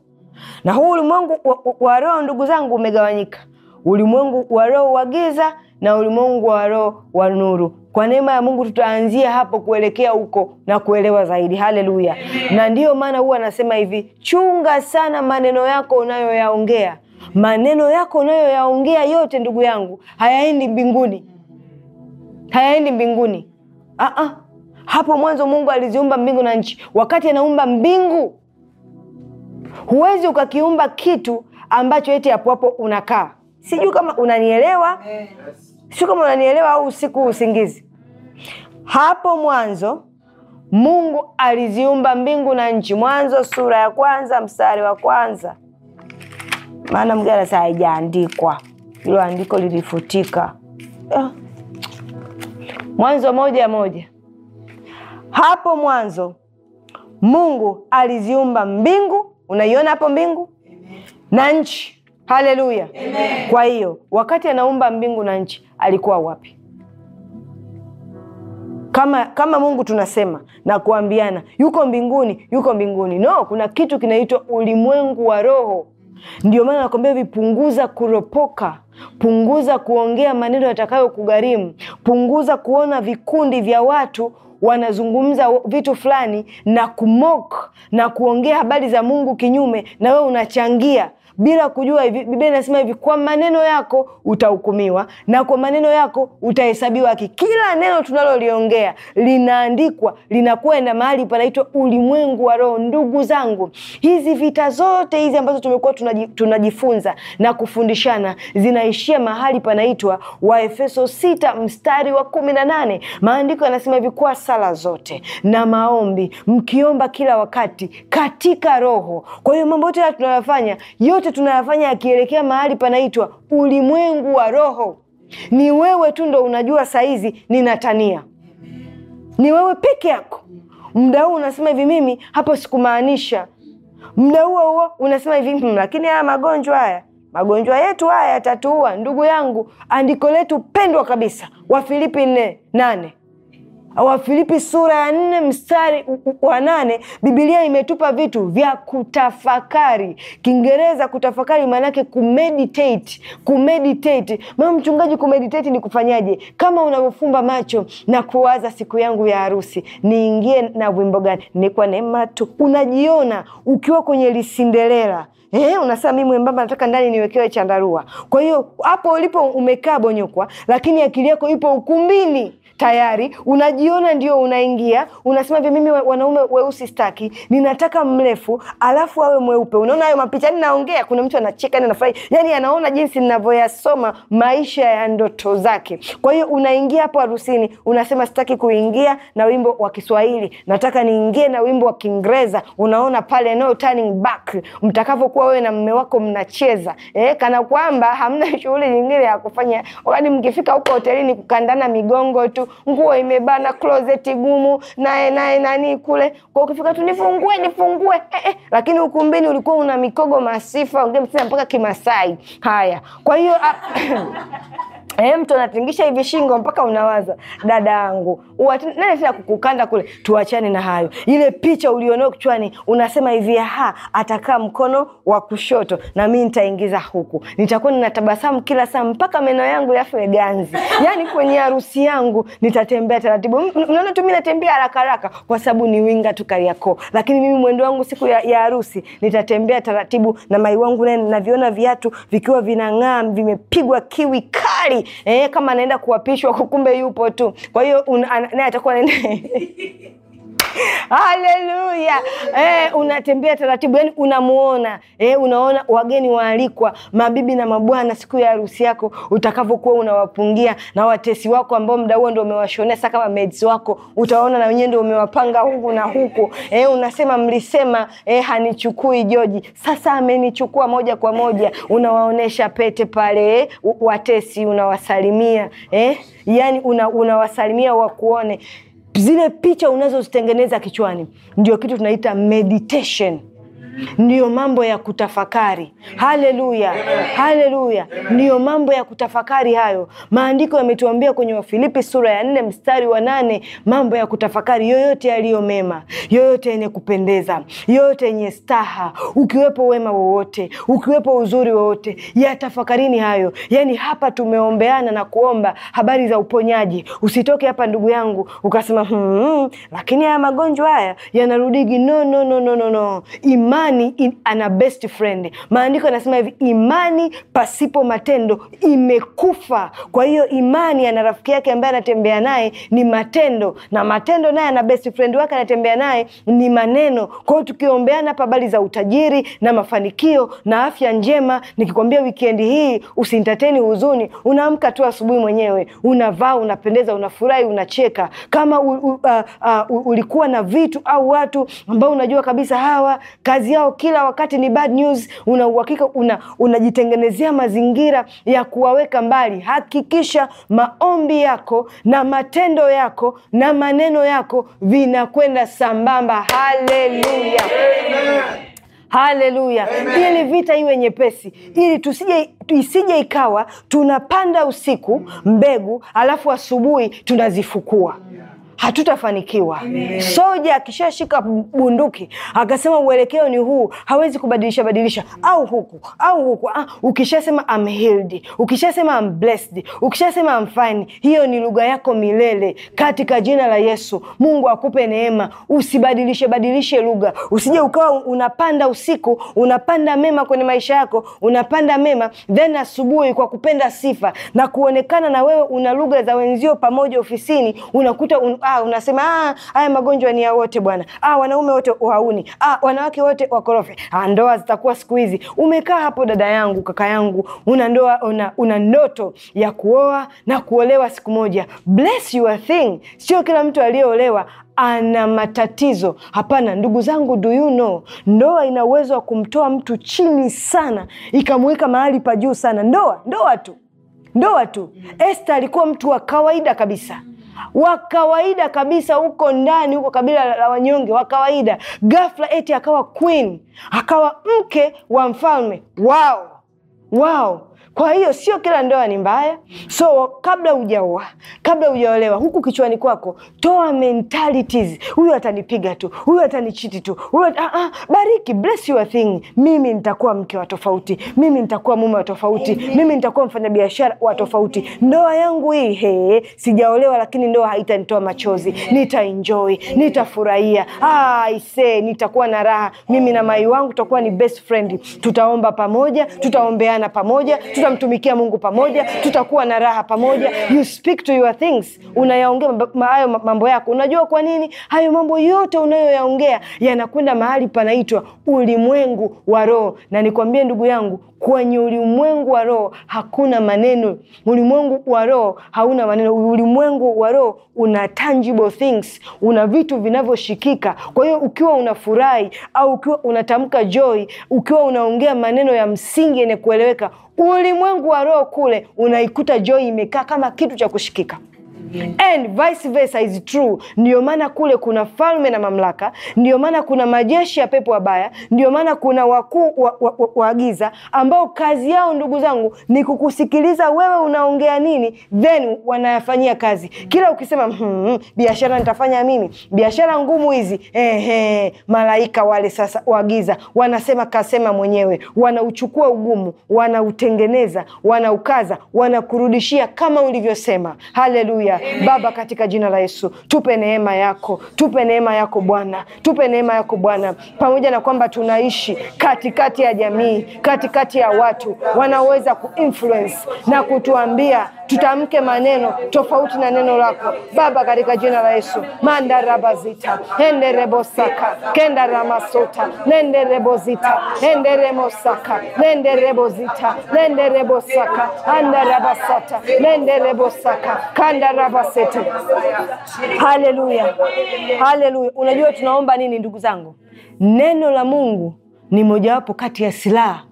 na huu ulimwengu wa roho, ndugu zangu, umegawanyika: ulimwengu wa roho wa giza na ulimwengu wa roho wa nuru. Kwa neema ya Mungu tutaanzia hapo kuelekea huko na kuelewa zaidi. Haleluya! Na ndiyo maana huwa anasema hivi, chunga sana maneno yako unayoyaongea maneno yako unayoyaongea yote, ndugu yangu, hayaendi mbinguni, hayaendi mbinguni. Aa, ah, ah. hapo mwanzo Mungu aliziumba mbingu na nchi. Wakati anaumba mbingu, huwezi ukakiumba kitu ambacho eti hapo hapo unakaa. Sijui kama unanielewa, siu kama unanielewa au usiku usingizi. Hapo mwanzo Mungu aliziumba mbingu na nchi, Mwanzo sura ya kwanza mstari wa kwanza maana saa haijaandikwa ilo andiko lilifutika eh. mwanzo moja moja hapo mwanzo mungu aliziumba mbingu unaiona hapo mbingu na nchi haleluya kwa hiyo wakati anaumba mbingu na nchi alikuwa wapi kama kama mungu tunasema na kuambiana yuko mbinguni yuko mbinguni no kuna kitu kinaitwa ulimwengu wa roho ndio maana nakwambia hivi, punguza kuropoka, punguza kuongea maneno yatakayo kugarimu punguza kuona vikundi vya watu wanazungumza vitu fulani na kumok na kuongea habari za Mungu kinyume, na wewe unachangia bila kujua hivi. Biblia inasema hivi, kwa maneno yako utahukumiwa na kwa maneno yako utahesabiwa haki. Kila neno tunaloliongea linaandikwa, linakwenda mahali panaitwa ulimwengu wa roho. Ndugu zangu, hizi vita zote hizi ambazo tumekuwa tunajifunza na kufundishana zinaishia mahali panaitwa Waefeso sita mstari wa kumi na nane. Maandiko yanasema hivi, kwa sala zote na maombi mkiomba kila wakati katika roho. Kwa hiyo mambo yote tunayofanya yote yote tunayafanya yakielekea mahali panaitwa ulimwengu wa roho. Ni wewe tu ndo unajua saizi ninatania, ni wewe peke yako. Mda huu unasema hivi, mimi hapo sikumaanisha. Mda huo huo unasema hivi, hmm, lakini haya magonjwa haya magonjwa yetu haya yatatuua. Ndugu yangu, andiko letu pendwa kabisa, Wafilipi nne nane Wafilipi sura ya nne mstari wa nane Biblia imetupa vitu vya kutafakari. Kiingereza kutafakari maanake kumeditate, kumeditate. Mama mchungaji, kumeditate ni kufanyaje? Kama unavyofumba macho na kuwaza siku yangu ya harusi niingie na wimbo gani? Ni kwa neema tu. Unajiona ukiwa kwenye lisindelela Eh, unasema mimi mwembamba nataka ndani niwekewe chandarua. Kwa hiyo hapo ulipo umekaa bonyokwa, lakini akili yako ipo ukumbini tayari unajiona ndio unaingia, unasema hivi, mimi wanaume weusi staki, ninataka mrefu alafu awe mweupe. Unaona hayo mapicha, yani naongea, kuna mtu anacheka na yaani anafurahi, yani anaona jinsi ninavyoyasoma maisha ya ndoto zake. Kwa hiyo unaingia hapo harusini, unasema sitaki kuingia na wimbo wa Kiswahili, nataka niingie na wimbo wa Kiingereza. Unaona pale no turning back, mtakavyokuwa wewe na mme wako mnacheza eh, kana kwamba hamna shughuli nyingine ya kufanya, wakati mkifika huko hotelini kukandana migongo tu nguo imebana, closet gumu, naye naye nani kule kwa, ukifika tu nifungue nifungue eh, eh. Lakini ukumbini ulikuwa una mikogo masifa, ungemsema mpaka Kimasai. Haya, kwa hiyo ah, Eh, mtu anatingisha hivi shingo mpaka unawaza dada yangu nani tena kukukanda kule. Tuachane na hayo, ile picha ulionao kichwani unasema hivi, ha, atakaa mkono wa kushoto na mi nitaingiza huku, nitakuwa ninatabasamu kila saa mpaka meno yangu yafe ganzi. Yani kwenye harusi yangu nitatembea taratibu. Unaona tu mi natembea haraka haraka kwa sababu ni winga tu Kariakoo, lakini mimi mwendo wangu siku ya harusi nitatembea taratibu na mai wangu naye naviona viatu vikiwa vinang'aa vimepigwa kiwi kali eh, kama anaenda kuapishwa kumbe yupo tu, kwa hiyo naye atakuwa Haleluya. Eh, unatembea taratibu, yani unamuona eh, unaona wageni waalikwa, mabibi na mabwana, siku ya harusi yako utakavyokuwa unawapungia na watesi wako ambao muda huo ndio umewashonea, saka kama maids wako utaona na wenyewe ndio umewapanga huku na huku. Eh, unasema mlisema eh, hanichukui Joji, sasa amenichukua moja kwa moja. Unawaonesha pete pale eh, watesi unawasalimia eh, yani una, unawasalimia wakuone zile picha unazozitengeneza kichwani ndio kitu tunaita meditation ndiyo mambo ya kutafakari. Haleluya, haleluya, ndiyo mambo ya kutafakari hayo. Maandiko yametuambia kwenye Wafilipi sura ya nne mstari wa nane mambo ya kutafakari, yoyote yaliyo mema, yoyote yenye kupendeza, yoyote yenye staha, ukiwepo wema wowote, ukiwepo uzuri wowote, yatafakarini hayo. Yani hapa tumeombeana na kuomba habari za uponyaji. Usitoke hapa ndugu yangu ukasema hmm, hmm, hmm lakini haya magonjwa haya yanarudigi. No, no, no, no, no, no imani in, ana best friend. Maandiko yanasema hivi, imani pasipo matendo imekufa. Kwa hiyo imani ana rafiki yake ambaye anatembea naye ni matendo, na matendo naye ana best friend wake anatembea naye ni maneno. Kwa hiyo tukiombeana hapa habari za utajiri na mafanikio na afya njema, nikikwambia wikendi hii usintateni huzuni, unaamka tu asubuhi mwenyewe, unavaa, unapendeza, unafurahi, unacheka. Kama u, u, uh, uh, ulikuwa na vitu au watu ambao unajua kabisa hawa kazi yao kila wakati ni bad news, una uhakika una unajitengenezea mazingira ya kuwaweka mbali. Hakikisha maombi yako na matendo yako na maneno yako vinakwenda sambamba. Haleluya, Haleluya, ili vita iwe nyepesi, ili tusije isije ikawa tunapanda usiku mbegu alafu asubuhi tunazifukua hatutafanikiwa. Soja akishashika bunduki akasema uelekeo ni huu, hawezi kubadilisha badilisha au huku au huku. Ah, ukishasema I'm healed, ukishasema I'm blessed, ukishasema I'm fine, hiyo ni lugha yako milele, katika jina la Yesu. Mungu akupe neema, usibadilishe badilishe lugha, usije ukawa unapanda usiku, unapanda mema kwenye maisha yako, unapanda mema then asubuhi kwa kupenda sifa na kuonekana na wewe una lugha za wenzio pamoja ofisini, unakuta un ah, unasema ah, haya magonjwa ni ya wote bwana, ah, wanaume wote wauni, ah, wanawake wote wakorofi, ah, ndoa zitakuwa siku hizi. Umekaa hapo dada yangu, kaka yangu, una ndoa, una, una ndoto ya kuoa na kuolewa siku moja. Bless your thing. Sio kila mtu aliyeolewa ana matatizo. Hapana ndugu zangu, do you know, ndoa ina uwezo wa kumtoa mtu chini sana ikamweka mahali pa juu sana. Ndoa ndoa tu ndoa tu. Esther alikuwa mtu wa kawaida kabisa wa kawaida kabisa huko ndani huko kabila la wanyonge wa kawaida, ghafla eti akawa queen, akawa mke wa mfalme wao wao kwa hiyo sio kila ndoa ni mbaya. So kabla hujaoa, kabla hujaolewa, huku kichwani kwako toa mentalities, huyu atanipiga tu, huyu atanichiti tu, huyu at... ah, ah, bariki, bless your thing. Mimi nitakuwa mke wa tofauti, mimi nitakuwa mume wa tofauti, mimi nitakuwa mfanyabiashara wa tofauti. Ndoa yangu hii he, sijaolewa, lakini ndoa haitanitoa machozi, nitaenjoy, nitafurahia, ah, I say nitakuwa na raha. Mimi na mai wangu tutakuwa ni best friend, tutaomba pamoja, tutaombeana pamoja, tuta tutamtumikia mungu pamoja tutakuwa na raha pamoja you speak to your things unayaongea hayo mambo yako unajua kwa nini hayo mambo yote unayoyaongea yanakwenda mahali panaitwa ulimwengu wa roho na nikwambie ndugu yangu kwenye ulimwengu wa roho hakuna maneno ulimwengu wa roho hauna maneno ulimwengu wa roho una tangible things una vitu vinavyoshikika kwa hiyo ukiwa unafurahi au ukiwa unatamka joy ukiwa unaongea maneno ya msingi yenye kueleweka ulimwengu wa roho kule unaikuta Joy imekaa kama kitu cha kushikika and vice versa is true. Ndio maana kule kuna falme na mamlaka, ndio maana kuna majeshi ya pepo wabaya, ndio maana kuna wakuu wa, wa, wa, wa giza ambao kazi yao ndugu zangu ni kukusikiliza wewe unaongea nini, then wanayafanyia kazi. Kila ukisema hmm, hmm biashara nitafanya mimi, biashara ngumu hizi eh, malaika wale sasa wa giza wanasema kasema mwenyewe, wanauchukua ugumu, wanautengeneza, wanaukaza, wanakurudishia kama ulivyosema. Haleluya kutuombea Baba, katika jina la Yesu, tupe neema yako, tupe neema yako Bwana, tupe neema yako Bwana, pamoja na kwamba tunaishi katikati ya jamii, katikati ya watu wanaoweza kuinfluence na kutuambia tutamke maneno tofauti na neno lako Baba, katika jina la Yesu manda rabazita ende rebosaka kenda ramasota nende rebozita remosaka nende rebozita nende rebosaka anda rabasata nende rebosaka kanda Sete. Haleluya, haleluya. Unajua tunaomba nini, ndugu zangu? Neno la Mungu ni mojawapo kati ya silaha.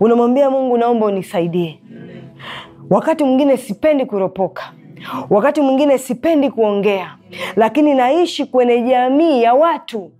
Unamwambia Mungu, naomba unisaidie. Wakati mwingine sipendi kuropoka, wakati mwingine sipendi kuongea, lakini naishi kwenye jamii ya watu.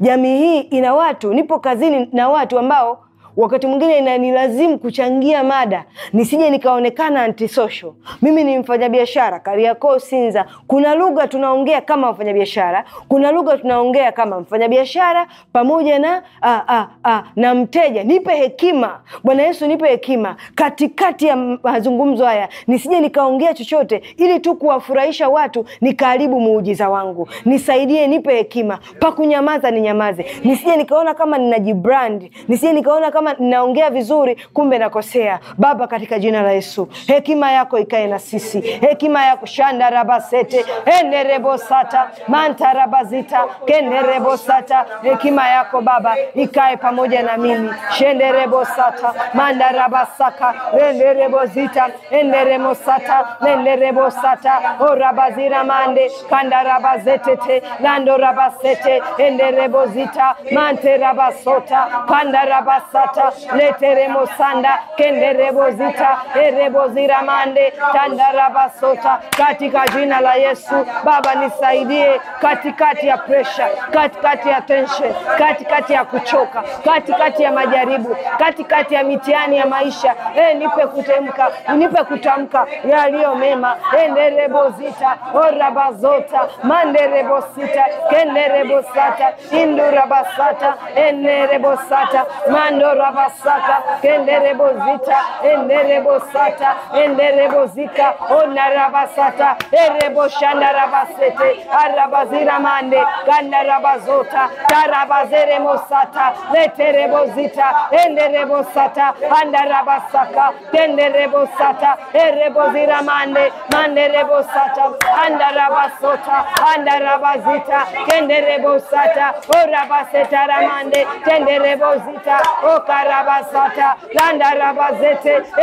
Jamii hii ina watu, nipo kazini na watu ambao wakati mwingine inanilazimu kuchangia mada nisije nikaonekana antisocial. Mimi ni mfanyabiashara Kariakoo Sinza. Kuna lugha tunaongea kama mfanyabiashara, kuna lugha tunaongea kama mfanyabiashara pamoja na a, a, a, na mteja. Nipe hekima Bwana Yesu, nipe hekima katikati ya mazungumzo haya, nisije nikaongea chochote ili tu kuwafurahisha watu, nikaharibu muujiza wangu. Nisaidie, nipe hekima pa kunyamaza, ninyamaze, nisije nikaona kama ninajibrand, nisije nikaona kama kama naongea vizuri, kumbe nakosea. Baba, katika jina la Yesu, hekima yako ikae na sisi, hekima yako shandarabasete enerebosata mantarabazita kenerebosata, hekima yako Baba ikae pamoja na mimi shenderebosata mandarabasaka renderebozita enderemosata nenderebosata orabazira mande kandarabazetete landorabasete enderebozita manterabasota kandarabasata zata leteremo sanda kenderebo zita erebo ziramande tandarabasota katika jina la Yesu. Baba nisaidie katikati ya pressure, katikati ya tension, katikati ya kuchoka, katikati ya majaribu, katikati ya mitihani ya maisha. E, nipe kutemka, nipe kutamka yaliyo mema. enderebo zita orabazota manderebo sita kenderebo sata indurabasata enerebo sata mando rabasata, kendere bozita, endere bosata, endere bozika, ona rabasata, ere boshana rabasete, arabazira mande, gana rabazota, tarabazere mosata, letere bozita, endere bosata, anda rabasaka, kendere bosata, ere bozira mande, mande rebosata, anda rabasota, anda rabazita, kendere bosata, ora baseta ramande, kendere bozita, oka rabarabasata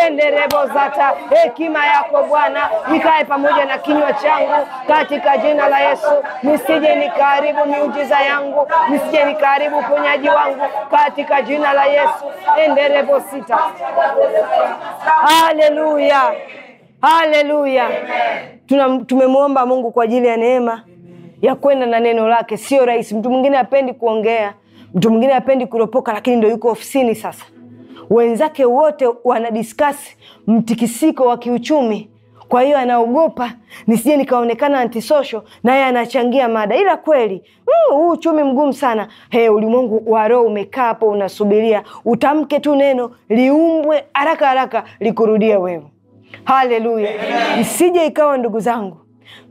enderebozata. Hekima yako Bwana ikae pamoja na kinywa changu katika jina la Yesu, nisije nikaharibu miujiza yangu, nisije nikaharibu uponyaji wangu katika jina la Yesu. enderebosita Haleluya, haleluya. Tumemwomba Mungu kwa ajili ya neema ya kwenda na neno lake. Sio rahisi, mtu mwingine apendi kuongea mtu mwingine apendi kuropoka lakini ndo yuko ofisini sasa wenzake wote wanadiskasi mtikisiko wa kiuchumi kwa hiyo anaogopa nisije nikaonekana antisosho naye anachangia mada ila kweli mm, huu mm, uchumi mgumu sana he ulimwengu wa roho umekaa hapo unasubiria utamke tu neno liumbwe haraka haraka likurudia wewe haleluya isije ikawa ndugu zangu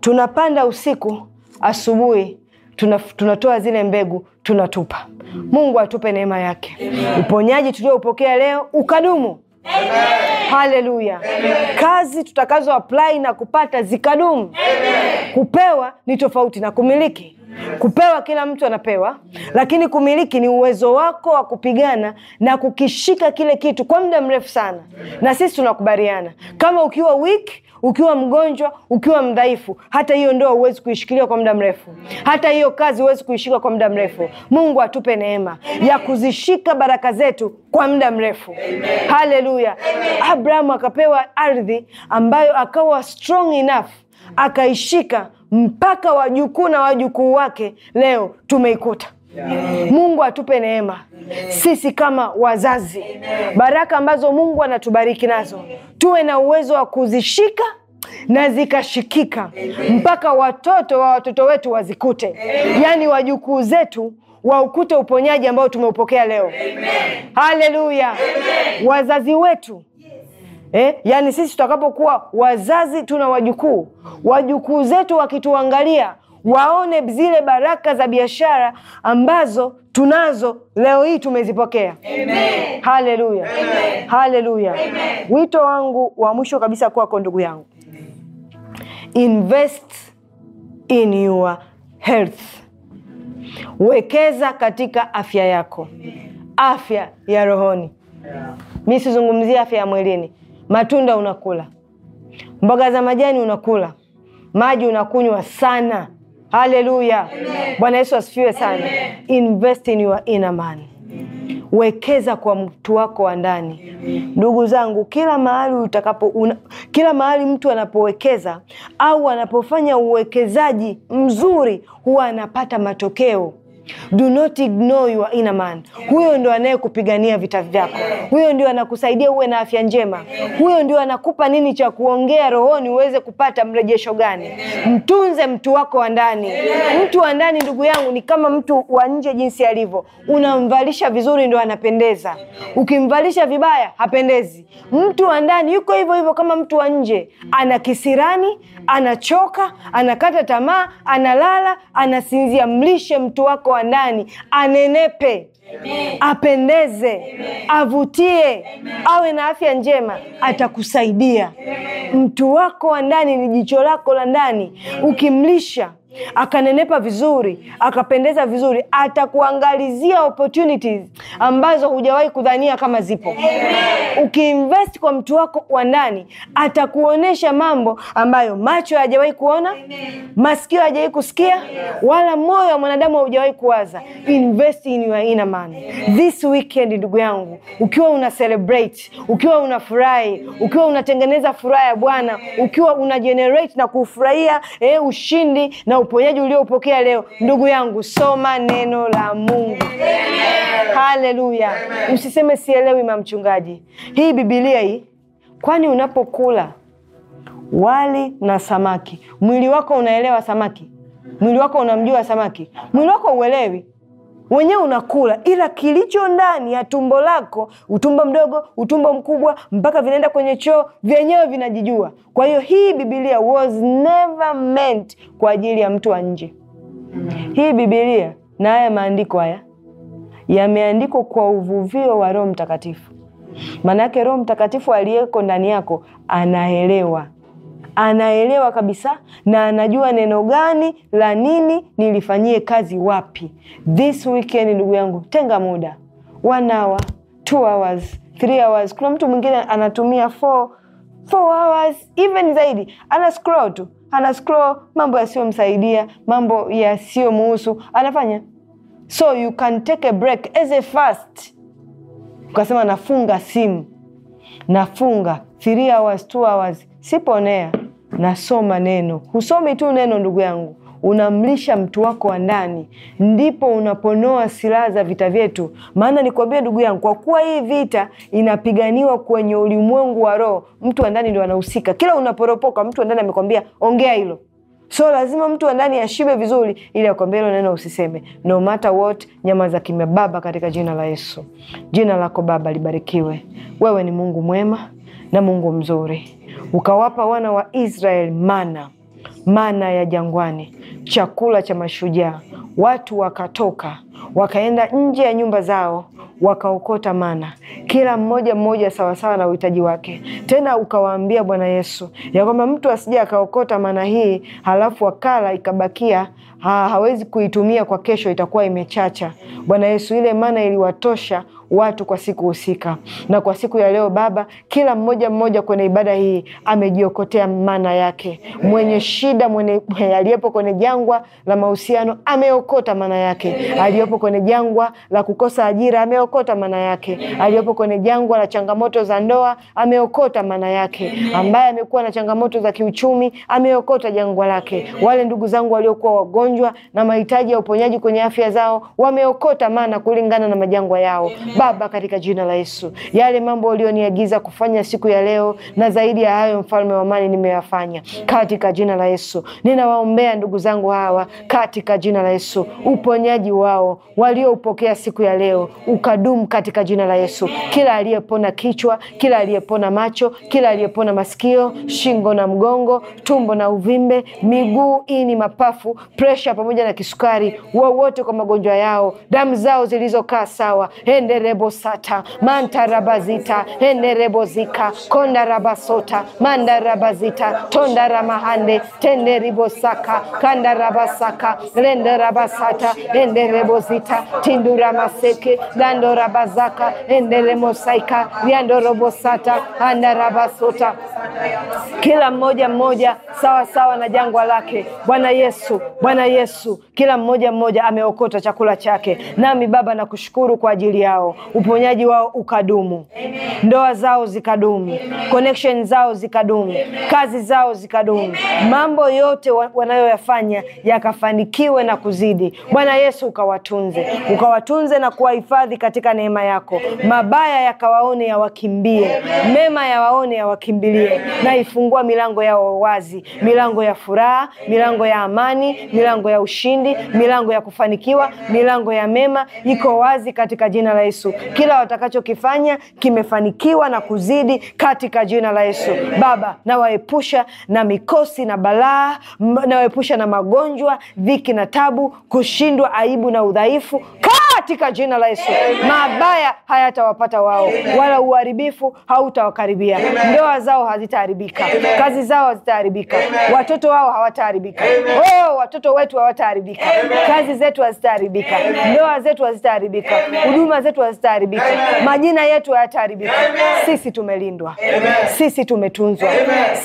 tunapanda usiku asubuhi tuna, tunatoa zile mbegu tunatupa. Mungu atupe neema yake. Amen. Uponyaji tulioupokea leo ukadumu. Haleluya! kazi tutakazo apply na kupata zikadumu. Kupewa ni tofauti na kumiliki. Kupewa kila mtu anapewa, lakini kumiliki ni uwezo wako wa kupigana na kukishika kile kitu kwa muda mrefu sana, na sisi tunakubaliana kama ukiwa weak ukiwa mgonjwa, ukiwa mdhaifu, hata hiyo ndoa huwezi kuishikilia kwa muda mrefu, hata hiyo kazi huwezi kuishika kwa muda mrefu. Mungu atupe neema ya kuzishika baraka zetu kwa muda mrefu. Haleluya! Abrahamu akapewa ardhi ambayo akawa strong enough akaishika mpaka wajukuu na wajukuu wake leo tumeikuta. Yeah. Mungu atupe neema sisi kama wazazi. Amen. Baraka ambazo Mungu anatubariki nazo tuwe na uwezo wa kuzishika na zikashikika mpaka watoto wa watoto wetu wazikute. Amen. Yaani wajukuu zetu waukute uponyaji ambao tumeupokea leo. Haleluya! Wazazi wetu eh? Yaani sisi tutakapokuwa wazazi tuna wajukuu, wajukuu zetu wakituangalia waone zile baraka za biashara ambazo tunazo leo hii tumezipokea. Amen. Haleluya. Amen. Haleluya. Amen. Wito wangu wa mwisho kabisa kwako ndugu yangu, invest in your health, wekeza katika afya yako, afya ya rohoni. Yeah. Mi sizungumzia afya ya mwilini, matunda unakula, mboga za majani unakula, maji unakunywa sana. Haleluya, Bwana Yesu asifiwe sana. Amen. Invest in your inner man Wekeza kwa mtu wako wa ndani, ndugu zangu. Kila mahali utakapo una, kila mahali mtu anapowekeza au anapofanya uwekezaji mzuri huwa anapata matokeo do not ignore your inner man. Huyo ndio anayekupigania vita vyako, huyo ndio anakusaidia uwe na afya njema, huyo ndio anakupa nini cha kuongea rohoni uweze kupata mrejesho gani. Mtunze mtu wako wa ndani. Mtu wa ndani, ndugu yangu, ni kama mtu wa nje jinsi alivyo. Unamvalisha vizuri ndio anapendeza, ukimvalisha vibaya hapendezi. Mtu wa ndani yuko hivyo hivyo kama mtu wa nje, ana kisirani anachoka, anakata tamaa, analala, anasinzia. Mlishe mtu wako wa ndani, anenepe Amen. Apendeze Amen. Avutie Amen. Awe na afya njema Amen. Atakusaidia Amen. Mtu wako wa ndani ni jicho lako la ndani, ukimlisha akanenepa vizuri akapendeza vizuri atakuangalizia opportunities ambazo hujawahi kudhania kama zipo ukiinvest kwa mtu wako wa ndani atakuonyesha mambo ambayo macho hayajawahi kuona masikio hayajawahi kusikia wala moyo wa mwanadamu haujawahi kuwaza invest in your inner man this weekend ndugu yangu ukiwa una celebrate ukiwa unafurahi ukiwa unatengeneza furaha ya bwana ukiwa una generate na kufurahia eh, ushindi na uponyaji uliopokea leo, ndugu yangu, soma neno la Mungu. Haleluya! usiseme sielewi, mama mchungaji. Hii Bibilia hii, kwani unapokula wali na samaki, mwili wako unaelewa samaki? Mwili wako unamjua samaki? Mwili wako uelewi wenyewe unakula, ila kilicho ndani ya tumbo lako, utumbo mdogo, utumbo mkubwa, mpaka vinaenda kwenye choo, vyenyewe vinajijua. Kwa hiyo hii Biblia was never meant kwa ajili ya mtu wa nje. Hii Biblia na haya maandiko haya yameandikwa kwa uvuvio wa Roho Mtakatifu, maana yake Roho Mtakatifu aliyeko ndani yako anaelewa anaelewa kabisa na anajua neno gani la nini nilifanyie kazi wapi. This weekend, ndugu yangu, tenga muda one hour, two hours, three hours. Kuna mtu mwingine anatumia four, four hours even zaidi, ana scroll tu, ana scroll mambo yasiyomsaidia, mambo yasiyomuhusu anafanya. So you can take a break as a fast, ukasema nafunga simu, nafunga three hours, two hours, siponea nasoma neno. Husomi tu neno, ndugu yangu, unamlisha mtu wako wa ndani, ndipo unaponoa silaha za vita vyetu. Maana nikuambia ndugu yangu, kwa kuwa hii vita inapiganiwa kwenye ulimwengu wa roho, mtu wa ndani ndio anahusika. Kila unaporopoka, mtu wa ndani amekwambia ongea hilo So lazima mtu wa ndani ashibe vizuri, ili akwambia hilo neno usiseme. No matter what, nyama za kimya. Baba, katika jina la Yesu, jina lako Baba libarikiwe. Wewe ni Mungu mwema na Mungu mzuri ukawapa wana wa Israeli mana, mana ya jangwani, chakula cha mashujaa. Watu wakatoka wakaenda nje ya nyumba zao wakaokota mana, kila mmoja mmoja sawasawa na uhitaji wake. Tena ukawaambia Bwana Yesu ya kwamba mtu asije akaokota mana hii halafu akala ikabakia, ha, hawezi kuitumia kwa kesho, itakuwa imechacha. Bwana Yesu, ile mana iliwatosha watu kwa siku husika. Na kwa siku ya leo Baba, kila mmoja mmoja kwenye ibada hii amejiokotea mana yake, mwenye shida, mwenye aliyepo kwenye jangwa la mahusiano ameokota mana yake, aliyepo kwenye jangwa la kukosa ajira ameokota mana yake, aliyepo kwenye jangwa la changamoto za ndoa ameokota mana yake, ambaye amekuwa na changamoto za kiuchumi ameokota jangwa lake, wale ndugu zangu waliokuwa wagonjwa na mahitaji ya uponyaji kwenye afya zao wameokota mana kulingana na majangwa yao. Baba, katika jina la Yesu, yale mambo ulioniagiza kufanya siku ya leo na zaidi ya hayo, mfalme wa amani, nimeyafanya katika jina la Yesu. Ninawaombea ndugu zangu hawa katika jina la Yesu, uponyaji wao walioupokea siku ya leo ukadumu katika jina la Yesu. Kila aliyepona kichwa, kila aliyepona macho, kila aliyepona masikio, shingo na mgongo, tumbo na uvimbe, miguu, ini, mapafu, presha pamoja na kisukari, wowote kwa magonjwa yao, damu zao zilizokaa sawa, endele rebosata manta rabazita rabazita rebozika konda rabasota manda tonda ramahande tende ribosaka kanda rabasaka mantarabazita rabasata kondarabasota rebozita tindura maseke kandarabasaka rabazaka enderebozita remosaika dandorabazaka robosata anda rabasota kila mmoja mmoja sawa sawa na jangwa lake bwana yesu bwana yesu kila mmoja mmoja ameokota chakula chake nami baba nakushukuru kwa ajili yao uponyaji wao ukadumu, Amen. Ndoa zao zikadumu, Amen. Connection zao zikadumu, Amen. Kazi zao zikadumu, Amen. Mambo yote wanayoyafanya yakafanikiwe na kuzidi. Bwana Yesu ukawatunze, Amen. Ukawatunze na kuwahifadhi katika neema yako, Amen. Mabaya yakawaone yawakimbie, mema yawaone yawakimbilie, na ifungua milango yao wazi, milango ya furaha, milango ya amani, milango ya ushindi, milango ya kufanikiwa, milango ya mema iko wazi katika jina la Yesu. Yesu. Kila watakachokifanya kimefanikiwa na kuzidi katika jina la Yesu. Baba, nawaepusha na mikosi na balaa, nawaepusha na magonjwa, dhiki na tabu, kushindwa, aibu na udhaifu katika jina la Yesu. Mabaya hayatawapata wao, wala uharibifu hautawakaribia. Ndoa zao hazitaharibika, kazi zao hazitaharibika, watoto wao hawataharibika. Oh, watoto wetu hawataharibika, kazi zetu hazitaharibika, ndoa zetu hazitaharibika, huduma zetu hazitaribiki, majina yetu hayataharibika. Sisi tumelindwa, sisi tumetunzwa,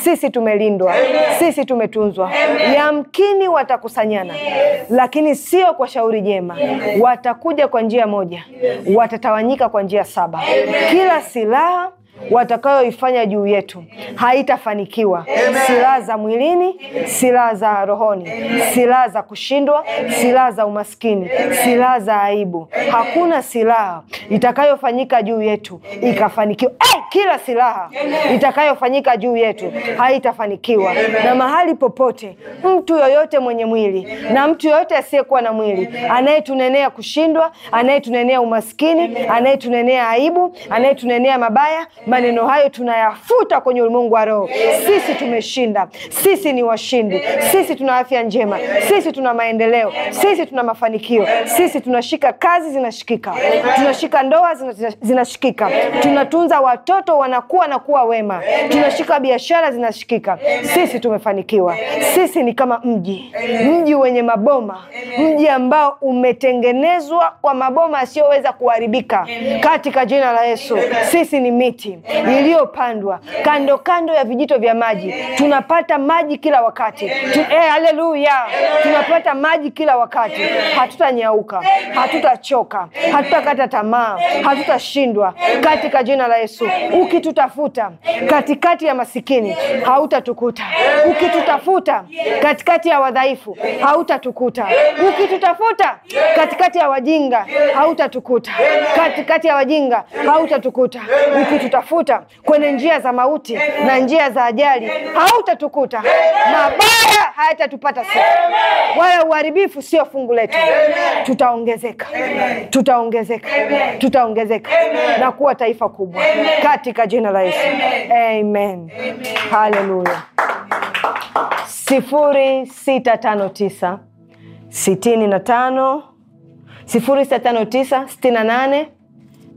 sisi tumelindwa, sisi tumetunzwa. Yamkini watakusanyana, yes. lakini sio kwa shauri jema, yes. watakuja kwa njia moja, yes. watatawanyika kwa njia saba. Amen. kila silaha watakayoifanya juu yetu haitafanikiwa. Silaha za mwilini, silaha za rohoni, silaha za kushindwa, silaha za umaskini, silaha za aibu. Hakuna silaha itakayofanyika juu yetu ikafanikiwa. Hey, eh, kila silaha itakayofanyika juu yetu haitafanikiwa. Na mahali popote, mtu yoyote mwenye mwili na mtu yoyote asiyekuwa na mwili, anayetunenea kushindwa, anayetunenea umaskini, anayetunenea aibu, anayetunenea mabaya maneno hayo tunayafuta kwenye ulimwengu wa roho. Sisi tumeshinda, sisi ni washindi, sisi tuna afya njema, sisi tuna maendeleo, sisi tuna mafanikio, sisi tunashika kazi zinashikika, tunashika ndoa zinashikika, tunatunza watoto wanakuwa na kuwa wema, tunashika biashara zinashikika. Sisi tumefanikiwa, sisi ni kama mji, mji wenye maboma, mji ambao umetengenezwa kwa maboma asiyoweza kuharibika, katika jina la Yesu. Sisi ni miti iliyopandwa kando kando ya vijito vya maji. Tunapata maji kila wakati. Eh, Haleluya! tunapata maji kila wakati. Hatutanyauka, hatutachoka, hatutakata tamaa, hatutashindwa katika jina la Yesu. Ukitutafuta katikati ya masikini hautatukuta. Ukitutafuta katikati ya wadhaifu hautatukuta. Ukitutafuta katikati ya wajinga hautatukuta. Katikati ya wajinga hautatukuta. Ukitutafuta kutafuta kwenye njia za mauti na njia za ajali hautatukuta, mabaya hayatatupata sisi, wala uharibifu sio fungu letu. Tutaongezeka, tutaongezeka, tutaongezeka na kuwa taifa kubwa katika jina la Yesu, amen. Haleluya. sifuri sita tano tisa sitini na tano sifuri sita tano tisa sitini na nane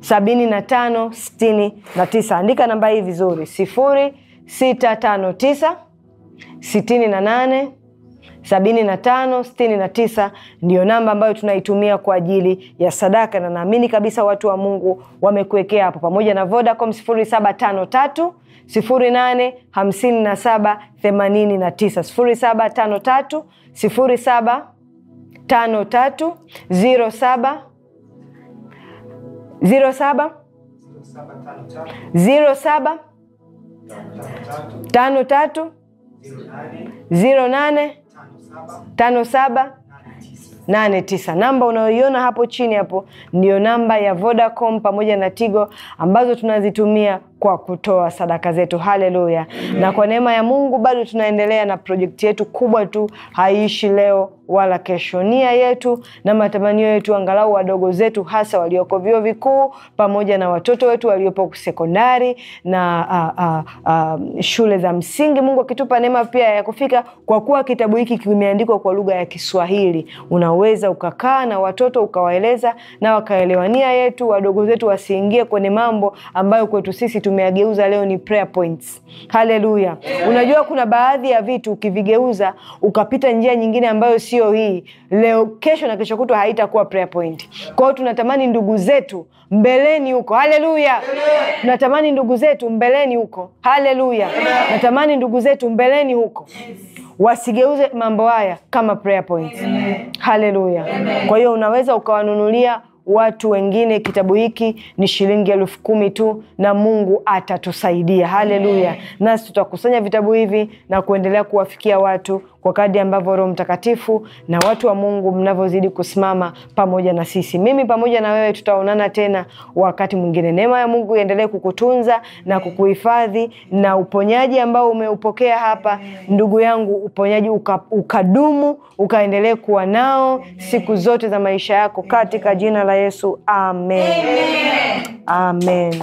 sabini na tano sitini na tisa. Andika namba hii vizuri, sifuri sita tano tisa sitini na nane sabini na tano sitini na tisa ndiyo namba ambayo tunaitumia kwa ajili ya sadaka, na naamini kabisa watu wa Mungu wamekuwekea hapo, pamoja na Vodacom sifuri saba tano tatu sifuri nane hamsini na saba themanini na tisa sifuri saba tano tatu sifuri saba tano tatu zero saba ziro saba ziro saba tano tatu ziro nane tano saba nane tisa. Namba unayoiona hapo chini hapo ndiyo namba ya Vodacom pamoja na Tigo ambazo tunazitumia kwa kutoa sadaka zetu. Haleluya! Na kwa neema ya Mungu bado tunaendelea na projekti yetu kubwa tu, haiishi leo wala kesho. Nia yetu na matamanio yetu, angalau wadogo zetu, hasa walioko vyuo vikuu, pamoja na watoto wetu waliopo sekondari na a, a, a, shule za msingi, Mungu akitupa neema pia ya kufika, kwa kuwa kitabu hiki kimeandikwa kwa lugha ya Kiswahili, unaweza ukakaa na watoto ukawaeleza na wakaelewa nia yetu. Wadogo zetu wasiingie kwenye mambo ambayo kwetu sisi tumeageuza leo ni prayer points. Haleluya! Yeah. Unajua kuna baadhi ya vitu ukivigeuza ukapita njia nyingine ambayo sio hii, leo kesho na kesho kutwa haitakuwa prayer point. Kwa hiyo tunatamani ndugu zetu mbeleni huko, haleluya! Tunatamani ndugu zetu mbeleni huko, haleluya! Natamani ndugu zetu mbeleni huko wasigeuze mambo haya kama prayer point. Haleluya! Kwa hiyo unaweza ukawanunulia watu wengine kitabu hiki ni shilingi elfu kumi tu, na Mungu atatusaidia. Haleluya! Nasi tutakusanya vitabu hivi na kuendelea kuwafikia watu kwa kadri ambavyo Roho Mtakatifu na watu wa Mungu mnavyozidi kusimama pamoja na sisi. Mimi pamoja na wewe tutaonana tena wakati mwingine. Neema ya Mungu iendelee kukutunza na kukuhifadhi, na uponyaji ambao umeupokea hapa, ndugu yangu, uponyaji uka, ukadumu ukaendelee kuwa nao siku zote za maisha yako katika jina la Yesu. Amen, amen, amen.